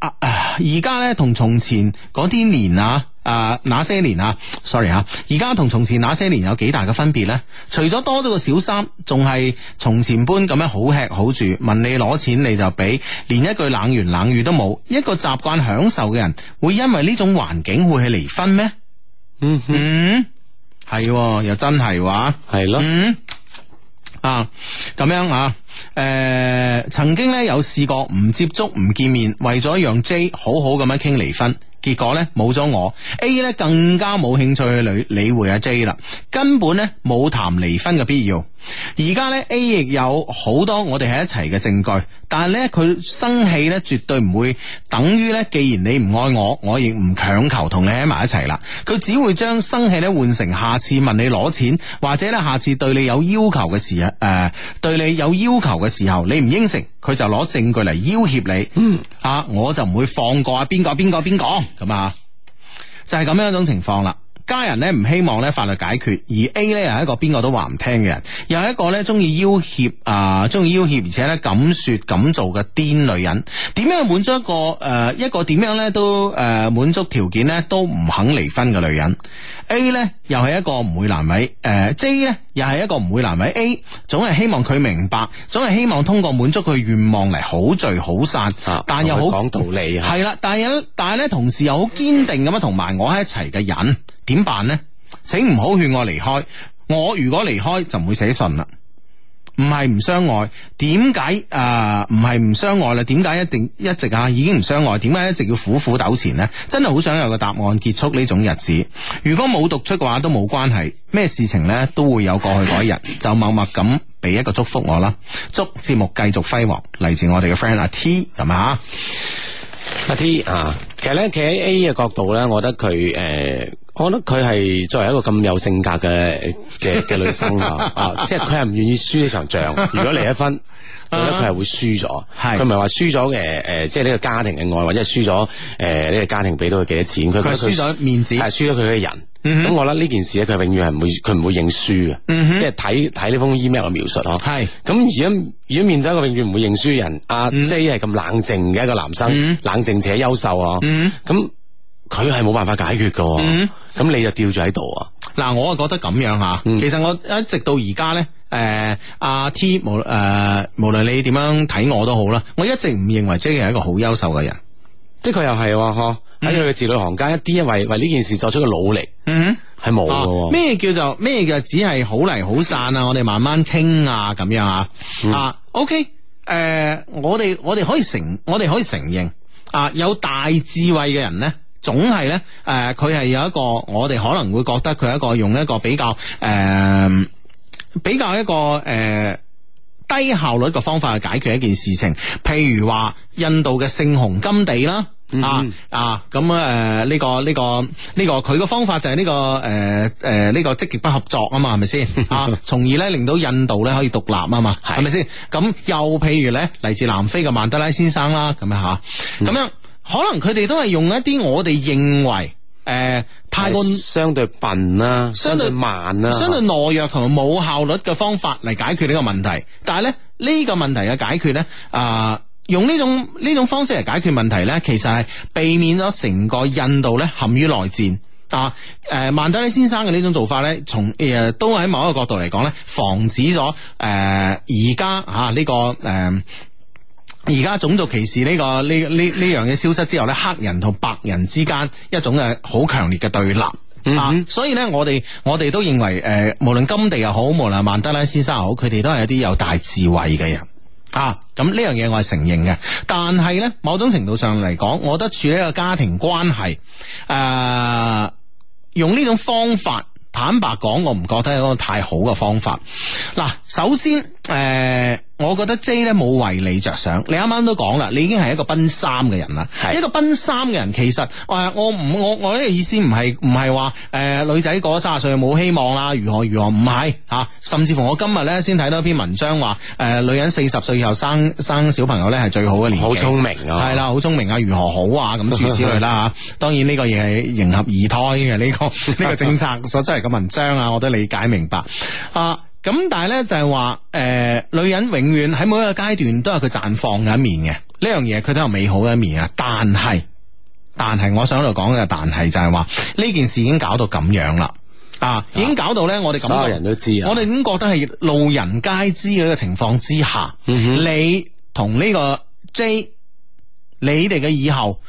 啊！而家咧同從前嗰啲年啊，誒那些年啊，sorry 啊，而家同從前那些年有幾大嘅分別呢？除咗多咗個小三，仲係從前般咁樣好吃好住，問你攞錢你就俾，連一句冷言冷語都冇。一個習慣享受嘅人，會因為呢種環境會去離婚咩？嗯哼，係，又真係話，係咯。嗯啊，咁樣啊，誒，曾經咧有試過唔接觸、唔見面，為咗讓 J 好好咁樣傾離婚。結果咧冇咗我，A 咧更加冇興趣去理理會阿 J 啦，根本咧冇談離婚嘅必要。而家咧 A 亦有好多我哋喺一齊嘅證據，但係咧佢生氣咧絕對唔會等於咧，既然你唔愛我，我亦唔強求同你喺埋一齊啦。佢只會將生氣咧換成下次問你攞錢，或者咧下次對你有要求嘅時候誒、呃，對你有要求嘅時候，你唔應承，佢就攞證據嚟要挾你。嗯，啊，我就唔會放過啊邊個邊個邊個。咁啊，就係、是、咁樣一種情況啦。家人咧唔希望咧法律解決，而 A 咧又係一個邊個都話唔聽嘅人，又係一個咧中意要挾啊，中意要挾，呃、要挾而且咧敢說敢做嘅癲女人。點樣滿足一個誒、呃、一個點樣咧都誒、呃、滿足條件咧都唔肯離婚嘅女人。A 呢又係一個唔會難為，誒、呃、J 呢又係一個唔會難為，A 總係希望佢明白，總係希望通過滿足佢願望嚟好聚好散，啊、但又好講道理，係啦，但係但係咧，同時又好堅定咁樣同埋我喺一齊嘅人，點辦呢？請唔好勸我離開，我如果離開就唔會寫信啦。唔係唔相愛，點解啊？唔係唔相愛啦，點解一定一直啊已經唔相愛？點解一直要苦苦糾纏呢？真係好想有個答案結束呢種日子。如果冇讀出嘅話都冇關係，咩事情呢都會有過去嗰一日。就默默咁俾一個祝福我啦，祝節目繼續輝煌。嚟自我哋嘅 friend 阿 T 係嘛，阿 T 啊。其實咧，企喺 A 嘅角度咧，我覺得佢誒，我覺得佢係作為一個咁有性格嘅嘅嘅女生啊，即係佢係唔願意輸呢場仗。如果離咗婚，我覺得佢係會輸咗。佢唔係話輸咗誒誒，即係呢個家庭嘅愛，或者係輸咗誒呢個家庭俾到佢幾多錢。佢輸咗面子，係輸咗佢嘅人。咁我覺得呢件事咧，佢永遠係唔會，佢唔會認輸嘅。即係睇睇呢封 email 嘅描述嗬。係。咁而家而家面對一個永遠唔會認輸嘅人，阿 J 係咁冷靜嘅一個男生，冷靜且優秀啊。嗯，咁佢係冇辦法解決噶，咁、嗯、你就吊住喺度啊？嗱，我啊覺得咁樣吓，嗯、其實我一直到而家咧，誒、呃，阿、啊、T 無誒、呃，無論你點樣睇我都好啦，我一直唔認為即係一個好優秀嘅人，即係佢又係嗬喺佢嘅字裡行間一啲為為呢件事作出嘅努力，嗯，係冇嘅。咩、啊、叫做咩叫做？只係好嚟好散慢慢啊！我哋慢慢傾啊，咁樣啊，啊，OK，誒、呃，我哋我哋可以承，我哋可以承認。啊！有大智慧嘅人咧，總係咧，誒、呃，佢係有一個，我哋可能會覺得佢係一個用一個比較，誒、呃，比較一個，誒、呃。低效率嘅方法去解決一件事情，譬如話印度嘅聖雄甘地啦、嗯啊，啊啊，咁誒呢個呢個呢個，佢、這個、這個、方法就係呢、這個誒誒呢個積極不合作啊嘛，係咪先啊？從而咧令到印度咧可以獨立是啊嘛，係咪先？咁又譬如咧，嚟自南非嘅曼德拉先生啦，咁、啊啊、樣吓，咁樣、嗯、可能佢哋都係用一啲我哋認為。誒，太、呃、相對笨啦、啊，相對，相對慢啦、啊，相對懦弱同冇效率嘅方法嚟解決呢個問題。但係咧、呢、這個問題嘅解決咧，啊、呃，用呢種呢種方式嚟解決問題咧，其實係避免咗成個印度咧陷於內戰啊。誒、呃，曼德拉先生嘅呢種做法咧，從誒、呃、都喺某一個角度嚟講咧，防止咗誒而家吓呢個誒。呃而家種族歧視呢、這個呢呢樣嘢消失之後咧，黑人同白人之間一種誒好強烈嘅對立、mm hmm. 啊！所以呢，我哋我哋都認為誒、呃，無論甘地又好，無論曼德拉先生又好，佢哋都係一啲有大智慧嘅人啊！咁呢樣嘢我係承認嘅，但係呢，某種程度上嚟講，我覺得處理一個家庭關係誒、呃，用呢種方法坦白講，我唔覺得係一個太好嘅方法。嗱、啊，首先誒。呃我覺得 J 呢冇為你着想。你啱啱都講啦，你已經係一個奔三嘅人啦。係一個奔三嘅人，其實誒，我唔我我呢個意思唔係唔係話誒女仔過咗三十歲冇希望啦，如何如何唔係嚇。甚至乎我今日呢先睇到一篇文章話誒、呃，女人四十歲以後生生小朋友呢係最好嘅年紀。好聰明啊！係啦，好聰明啊，如何好啊？咁諸此類啦嚇。 當然呢個嘢係迎合二胎嘅呢、呢個呢、呢個呢個政策所出嚟嘅文章啊，我都理解明白啊。咁但係咧就係話，誒、呃，女人永遠喺每一個階段都係佢綻放嘅一面嘅，呢樣嘢佢都有美好嘅一面啊。但係，但係我想喺度講嘅，但係就係話呢件事已經搞到咁樣啦，啊，啊已經搞到咧，我哋咁，所有人都知啊，我哋已經覺得係路人皆知嘅一個情況之下，嗯、哼你同呢個 J，你哋嘅以後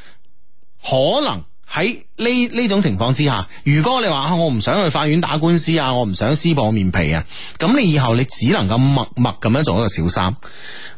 可能。喺呢呢種情況之下，如果你話我唔想去法院打官司啊，我唔想撕破面皮啊，咁你以後你只能夠默默咁樣做一個小三，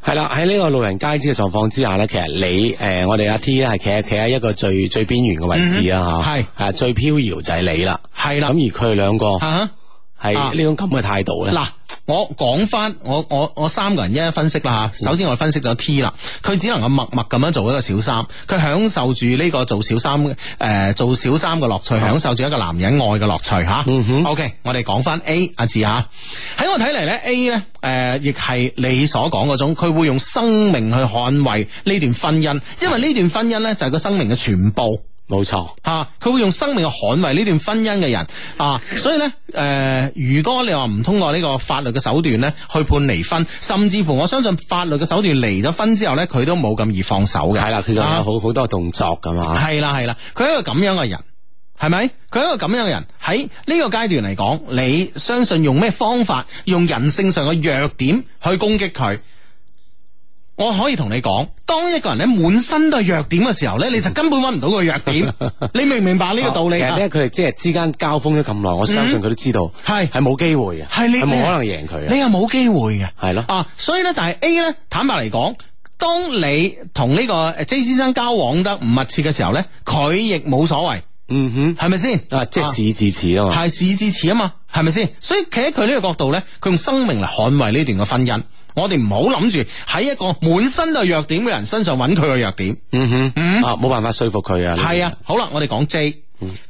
係啦，喺呢個路人皆知嘅狀況之下呢，其實你誒、呃、我哋阿 T 咧係企喺企喺一個最最邊緣嘅位置啦吓，係、mm hmm. 啊最飄搖就係你啦，係啦，咁而佢兩個係呢種咁嘅態度咧。啊我講翻我我我三個人一一分析啦吓。首先我分析咗 T 啦，佢只能夠默默咁樣做一個小三，佢享受住呢個做小三誒、呃、做小三嘅樂趣，享受住一個男人愛嘅樂趣吓。嗯、哼 OK，我哋講翻 A 阿志吓喺我睇嚟呢 A 呢誒、呃，亦係你所講嗰種，佢會用生命去捍衛呢段婚姻，因為呢段婚姻呢，就係個生命嘅全部。冇錯啊，佢會用生命去捍衛呢段婚姻嘅人啊，所以呢，誒、呃，如果你話唔通過呢個法律嘅手段咧，去判離婚，甚至乎我相信法律嘅手段離咗婚之後呢，佢都冇咁易放手嘅。係啦了，佢仲、啊、有好好多動作噶嘛。係啦係啦，佢係一個咁樣嘅人，係咪？佢係一個咁樣嘅人喺呢個階段嚟講，你相信用咩方法，用人性上嘅弱點去攻擊佢？我可以同你講，當一個人咧滿身都係弱點嘅時候咧，嗯、你就根本揾唔到個弱點。 你明唔明白呢個道理？其實咧，佢哋即係之間交鋒咗咁耐，我相信佢都知道係係冇機會嘅，係冇你可能贏佢，你又冇機會嘅，係咯的。啊，所以咧，但係 A 咧，坦白嚟講，當你同呢個誒 J 先生交往得唔密切嘅時候咧，佢亦冇所謂。嗯哼，係咪先啊？即事治、啊啊、事啊嘛，係事治事啊嘛，係咪先？所以企喺佢呢個角度呢，佢用生命嚟捍衛呢段嘅婚姻。我哋唔好諗住喺一個滿身嘅弱點嘅人身上揾佢嘅弱點。嗯哼，嗯啊，冇辦法說服佢啊。係啊，好啦，我哋講 J。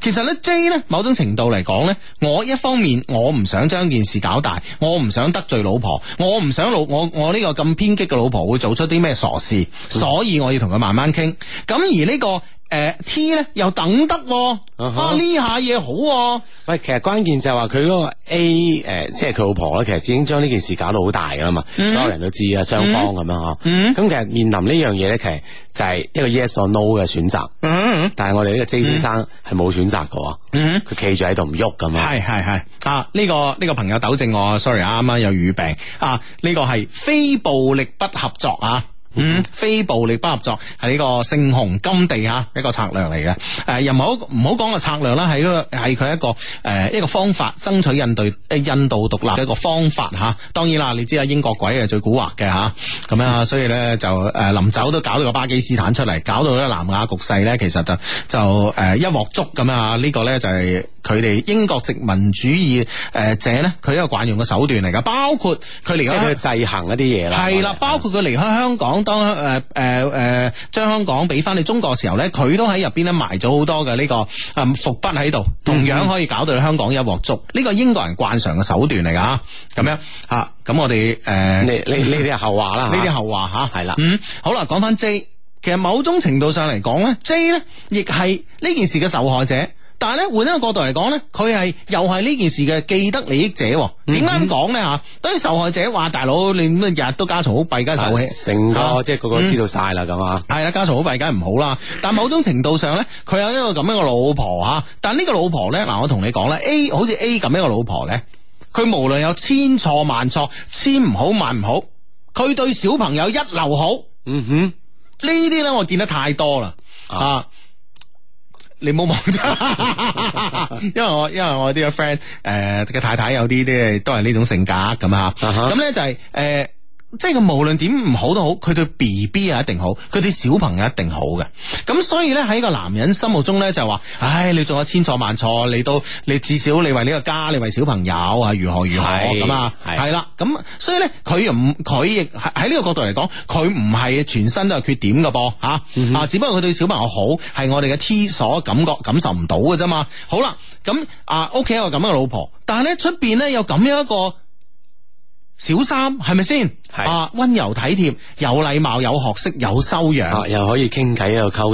其實呢 J 呢，某種程度嚟講呢，我一方面我唔想將件事搞大，我唔想得罪老婆，我唔想老我我呢個咁偏激嘅老婆會做出啲咩傻事，嗯、所以我要同佢慢慢傾。咁而呢、呢個。誒，T 咧又等得、哦，uh huh. 啊呢下嘢好、啊，喂，其實關鍵就係話佢嗰個 A，誒、呃，即係佢老婆咧，其實已經將呢件事搞到好大噶啦嘛，mm hmm. 所有人都知啊、mm hmm. 啊，雙方咁樣啊。咁其實面臨呢樣嘢咧，其實就係一個 yes or no 嘅選擇，mm hmm. 但係我哋呢個 J 先生係冇選擇噶，佢企住喺度唔喐噶嘛，係係係，啊呢、這個呢、這個朋友糾正我，sorry，啱啱有語病，啊呢、這個係非暴力不合作啊。嗯，非暴力不合作係呢個聖雄甘地吓一個策略嚟嘅，誒、呃、又唔好唔好講個策略啦，係一個係佢一個誒、呃、一個方法，爭取印度誒印度獨立嘅一個方法吓、啊。當然啦，你知啊，英國鬼係最蠱惑嘅吓，咁、啊、樣所以咧就誒臨、呃、走都搞到個巴基斯坦出嚟，搞到咧南亞局勢咧，其實就就誒一鑊粥咁啊！呢、這個咧就係佢哋英國殖民主義誒者咧，佢、呃、一個慣用嘅手段嚟噶，包括佢離開即係佢制衡一啲嘢啦，係啦、啊，包括佢離開香港。當誒誒誒將香港俾翻你中國嘅時候咧，佢都喺入邊咧埋咗好多嘅呢、這個、呃、伏筆喺度，同樣可以搞到香港一鑊粥。呢個英國人慣常嘅手段嚟噶，咁樣吓。咁那、啊、我哋誒、呃，你你你哋後話啦，呢啲 後話吓係啦。啊、嗯，好啦，講翻 J，其實某種程度上嚟講咧，J 咧亦係呢件事嘅受害者。但係咧，換一個角度嚟講咧，佢係又係呢件事嘅既得利益者。點解咁講咧？吓，對於、嗯、哼受害者話，大佬你乜日日都家嘈好弊，家受氣，成、啊、個、啊、即係個個知道晒啦咁啊。係啦、嗯哼，家嘈好弊梗係唔好啦。但某種程度上咧，佢有一個咁樣嘅老婆吓。但呢個老婆咧，嗱，我同你講咧，A 好似 A 咁樣嘅老婆咧，佢無論有千錯萬錯，千唔好萬唔好，佢對小朋友一流好。嗯哼，呢啲咧我見得太多啦啊。啊啊你冇望，因為我因為我啲嘅 friend，誒嘅太太有啲即係都係呢種性格咁嚇，咁咧、uh huh. 就係、是、誒。呃即係佢無論點唔好都好，佢對 B B 啊一定好，佢對小朋友一定好嘅。咁所以呢，喺個男人心目中呢，就話、是：，唉，你做咗千錯萬錯，你到你至少你為呢個家，你為小朋友啊如何如何咁啊？係啦，咁所以呢，佢又唔，佢亦喺呢個角度嚟講，佢唔係全身都有缺點噶噃，吓啊，嗯、哼只不過佢對小朋友好，係我哋嘅 T 所感覺感受唔到嘅啫嘛。好啦，咁啊屋企有一個咁嘅老婆，但係呢，出邊呢，有咁樣一個。小三係咪先？係。啊，溫柔體貼，有禮貌，有學識，有修養，又可以傾偈，又溝通，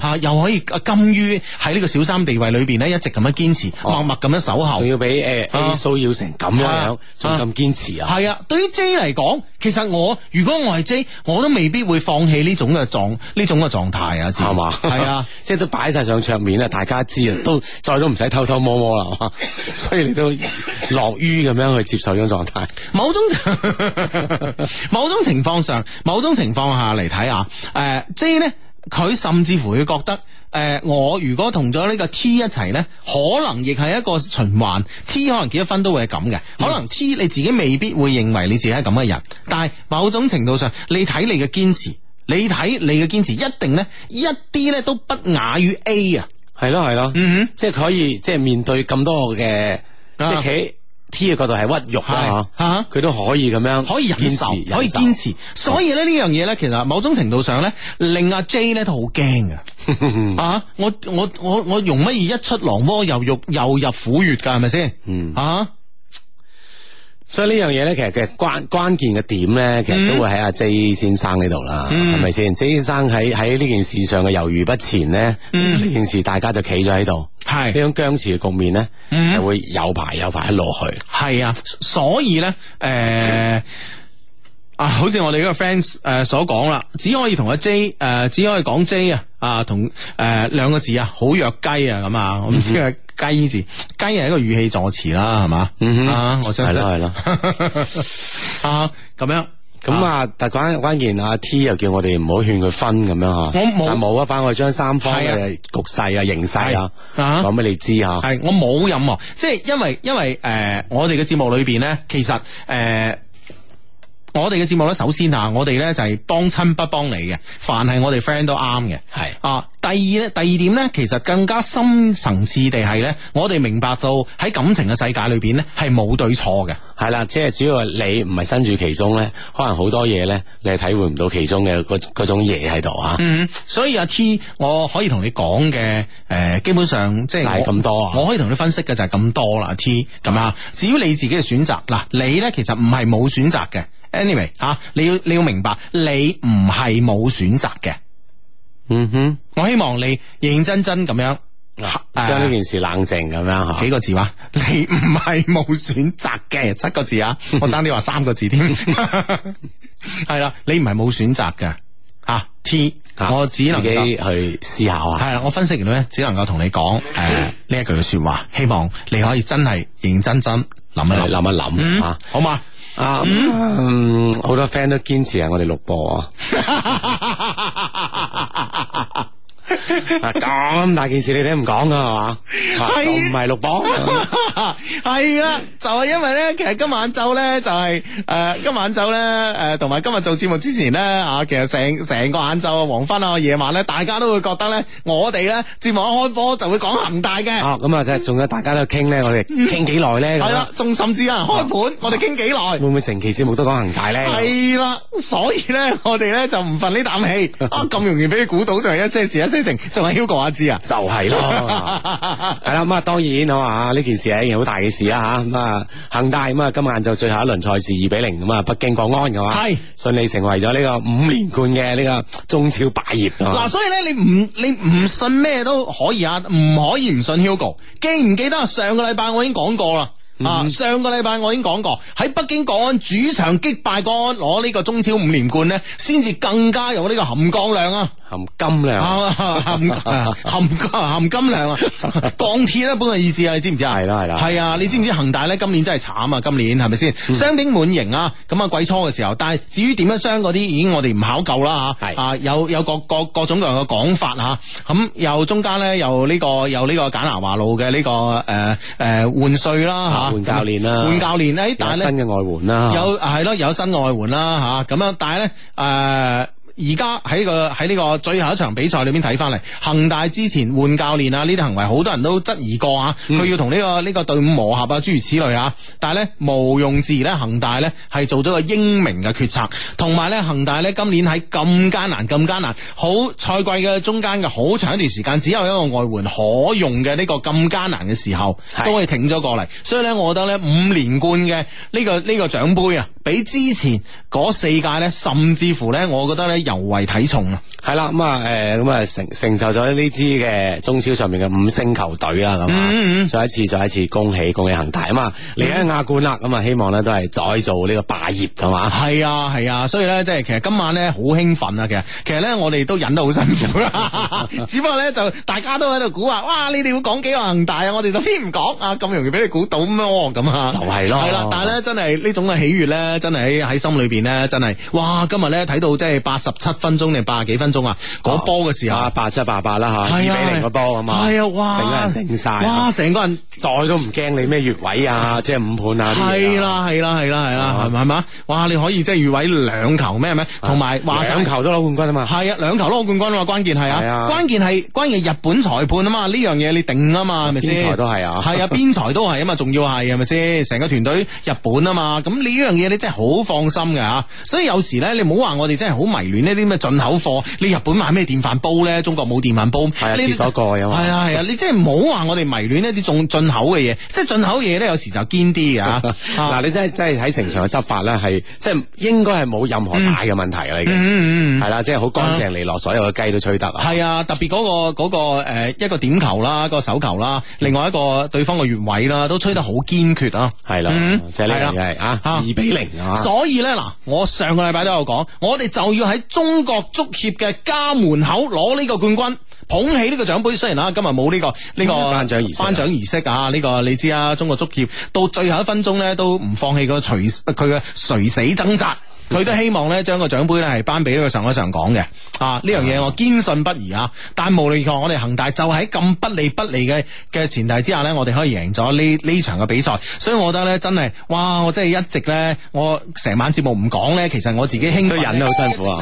吓又可以啊，甘於喺呢個小三地位裏邊咧，一直咁樣堅持，默默咁樣守候，仲要俾誒 A 騷擾成咁樣樣，仲咁堅持啊！係啊，對於 J 嚟講，其實我如果我係 J，我都未必會放棄呢種嘅狀呢種嘅狀態啊！知。係嘛，係啊，即係都擺晒上桌面啊，大家知啊，都再都唔使偷偷摸摸啦，所以你都樂於咁樣去接受呢種狀態。冇咗。 某種情況下，某種情況下嚟睇啊，誒、呃、即係呢，佢甚至乎會覺得，誒、呃，我如果同咗呢個 T 一齊呢，可能亦係一個循環，T 可能結咗婚都會係咁嘅，可能 T 你自己未必會認為你自己係咁嘅人，但係某種程度上，你睇你嘅堅持，你睇你嘅堅持，一定呢，一啲呢都不亞於 A 啊。係咯係咯，嗯哼、嗯，即係可以，的即係面對咁多嘅即係 T 嘅角度係屈辱啊，吓，佢都可以咁樣，可以忍受，可以堅持。所以咧呢樣嘢咧，其實某種程度上咧，令阿 J 咧都好驚噶。啊，我我我我容乜嘢？一出狼窩又肉又入虎穴噶，係咪先？啊，所以呢樣嘢咧，其實嘅關關鍵嘅點咧，其實都會喺阿 J 先生呢度啦，係咪先？J 先生喺喺呢件事上嘅猶豫不前咧，呢件事大家就企咗喺度。係呢種僵持嘅局面咧，係、嗯、哼會有排有排一落去。係啊，所以咧，誒、呃、的啊，好似我哋呢個 fans 誒所講啦，只可以同阿 J 誒、呃，只可以講 J 啊，啊同誒、呃、兩個字啊，好弱雞啊咁啊，我唔知係雞字，雞係、嗯、哼一個語氣助詞啦，係嘛，嗯、哼啊，係啦係啦，啊，咁、啊、樣。咁啊！嗯、但關關鍵，阿 T 又叫我哋唔好勸佢分咁樣吓。我冇，但冇啊！反我哋將三方嘅局勢啊、形勢啊，講俾你知吓。係我冇飲，即係因為因為誒、呃，我哋嘅節目裏邊咧，其實誒。呃我哋嘅節目咧，首先啊，我哋咧就係幫親不幫你嘅。凡係我哋 friend 都啱嘅，係是的 啊。第二咧，第二點咧，其實更加深層次地係咧，我哋明白到喺感情嘅世界裏邊咧，係冇對錯嘅。係啦，即係只要你唔係身處其中咧，可能好多嘢咧，你係體會唔到其中嘅嗰嗰種嘢喺度啊。嗯，所以阿 T，我可以同你講嘅，誒，基本上即係就係咁多啊。我可以同你分析嘅就係咁多啦，T。咁啊的，至於你自己嘅選擇嗱、啊，你咧其實唔係冇選擇嘅。Anyway，吓你要你要明白，你唔係冇選擇嘅。嗯哼，我希望你認認真真咁樣，將呢件事冷靜咁樣吓。幾個字話？你唔係冇選擇嘅，七個字啊！我爭啲話三個字添。係啦，你唔係冇選擇嘅。啊，T，我只能自己去思考啊。係啊，我分析完咧，只能夠同你講誒呢一句說話，希望你可以真係認認真真諗一諗，諗一諗啊，好嗎？啊，嗯好多 friend 都堅持係我哋錄播啊。咁大件事你都唔講噶係嘛？就唔係錄播。係啊，就係因為咧，其實今晚晝咧就係誒，今晚晝咧誒，同埋今日做節目之前咧啊，其實成成個晏晝啊、黃昏啊、夜晚咧，大家都會覺得咧，我哋咧節目一開波就會講恒大嘅。咁啊，即係仲有大家都傾咧，我哋傾幾耐咧？係啦，仲甚至有人開盤，我哋傾幾耐？會唔會成期節目都講恒大咧？係啦，所以咧，我哋咧就唔忿呢啖氣啊！咁容易俾你估到就係一些事，一仲係 Hugo 一知啊，就係咯，係啦咁啊，當然啊，呢件事係一件好大嘅事啊，吓咁啊，恒大咁啊，今晚就最後一輪賽事二比零咁啊，北京國安嘅話係順是利成為咗呢個五連冠嘅呢個中超霸業嗱，啊啊，所以咧，你唔你唔信咩都可以啊，唔可以唔信 Hugo，記唔記得，嗯，啊？上個禮拜我已經講過啦，啊，上個禮拜我已經講過喺北京國安主場擊敗國安攞呢個中超五連冠咧，先至更加有呢個含金量啊！含金量，啊，含含金量啊！鋼鐵咧，本嘅意志啊，你知唔知啊？係啦，係啦，係啊！你知唔知恒大咧？今年真係慘啊！今年係咪先傷兵滿營啊？咁啊，季初嘅時候，但係至於點樣傷嗰啲，已經我哋唔考究啦吓。啊係啊，有有各各各種各樣嘅講法吓。咁、啊、又中間咧、這個，又呢個有呢個簡南華路嘅呢、這個誒誒換帥啦吓，換、呃啊、教練啦、啊，換教練咧、啊，但係咧新嘅外援啦、啊，有係咯，有新外援啦吓。咁、啊、樣但係咧誒。呃而家喺呢個喺呢個最後一場比賽裏邊睇翻嚟，恒大之前換教練啊，呢啲行為好多人都質疑過啊。佢、嗯、要同呢、呢個呢、呢個隊伍磨合啊，諸如此類啊。但係咧，無庸置疑咧，恒大咧係做咗個英明嘅決策，同埋咧，恒大咧今年喺咁艱難咁艱難，好賽季嘅中間嘅好長一段時間只有一個外援可用嘅呢、呢個咁艱難嘅時候，是的 都可以挺咗過嚟。所以咧，我覺得咧，五連冠嘅呢個呢、呢個獎杯、呢個呢個、啊。比之前嗰四屆咧，甚至乎咧，我覺得咧尤為睇重啊！係啦，咁、嗯、啊，誒、呃，咁啊承承受咗呢支嘅中超上面嘅五星球隊啦，咁啊、嗯，嗯、再一次，再一次恭喜恭喜恒大啊嘛！嚟緊亞冠啦，咁啊，希望咧都係再做呢個霸業，係、嗯、嘛？係啊，係啊，所以咧，即係其實今晚咧好興奮啊！其實，其實咧我哋都忍得好辛苦啦， 只不過咧就大家都喺度估啊，哇！你哋會講幾個恒大啊？我哋頭先唔講啊，咁容易俾你估到咁啊？就係咯，係啦，但係咧真係呢種嘅喜悅咧。真係喺喺心裏邊咧，真係哇！今日咧睇到即係八十七分鐘定八十幾分鐘啊！嗰波嘅時候八七八八啦吓，二比零個波咁啊，係啊哇！成個人定晒，哇！成個人再都唔驚你咩越位啊，即係五判啊，係啦係啦係啦係啦，係咪啊？哇！你可以即係越位兩球咩咩？同埋話兩球都攞冠軍啊嘛，係啊兩球攞冠軍啊嘛，關鍵係啊，關鍵係關鍵係日本裁判啊嘛呢樣嘢你定啊嘛係咪先？邊裁都係啊，係啊邊裁都係啊嘛，仲要係係咪先？成個團隊日本啊嘛，咁你呢樣嘢你。即係好放心嘅吓，所以有時咧，你唔好話我哋真係好迷戀呢啲咩進口貨。你日本買咩電飯煲咧？中國冇電飯煲。係啊，廁所個過嘛？係啊係啊，你即係唔好話我哋迷戀呢啲仲進口嘅嘢，即係進口嘢咧，有時就堅啲嘅嗱，你真係真係喺成場嘅執法咧，係即係應該係冇任何大嘅問題啦，已經係啦，即係好乾淨利落，所有嘅雞都吹得。係啊，特別嗰個嗰個誒一個點球啦，個手球啦，另外一個對方個越位啦，都吹得好堅決啊。係啦，即係啦，係啊，二比零。所以咧嗱，我上個禮拜都有講，我哋就要喺中國足協嘅家門口攞呢個冠軍，捧起呢個獎盃。雖然啊、呢個，今日冇呢個呢個頒獎儀式啊，呢、啊呢個你知啊，中國足協到最後一分鐘咧都唔放棄個隨佢嘅垂死掙扎。佢都希望咧，將個獎杯咧係頒俾呢個上海上港嘅。啊呢樣嘢我堅信不疑啊！但無論如何我哋恒大就喺、是、咁不利不利嘅嘅前提之下咧，我哋可以贏咗呢呢場嘅比賽，所以我覺得咧真係，哇！我真係一直咧，我成晚節目唔講咧，其實我自己興奮，都忍得好辛苦啊！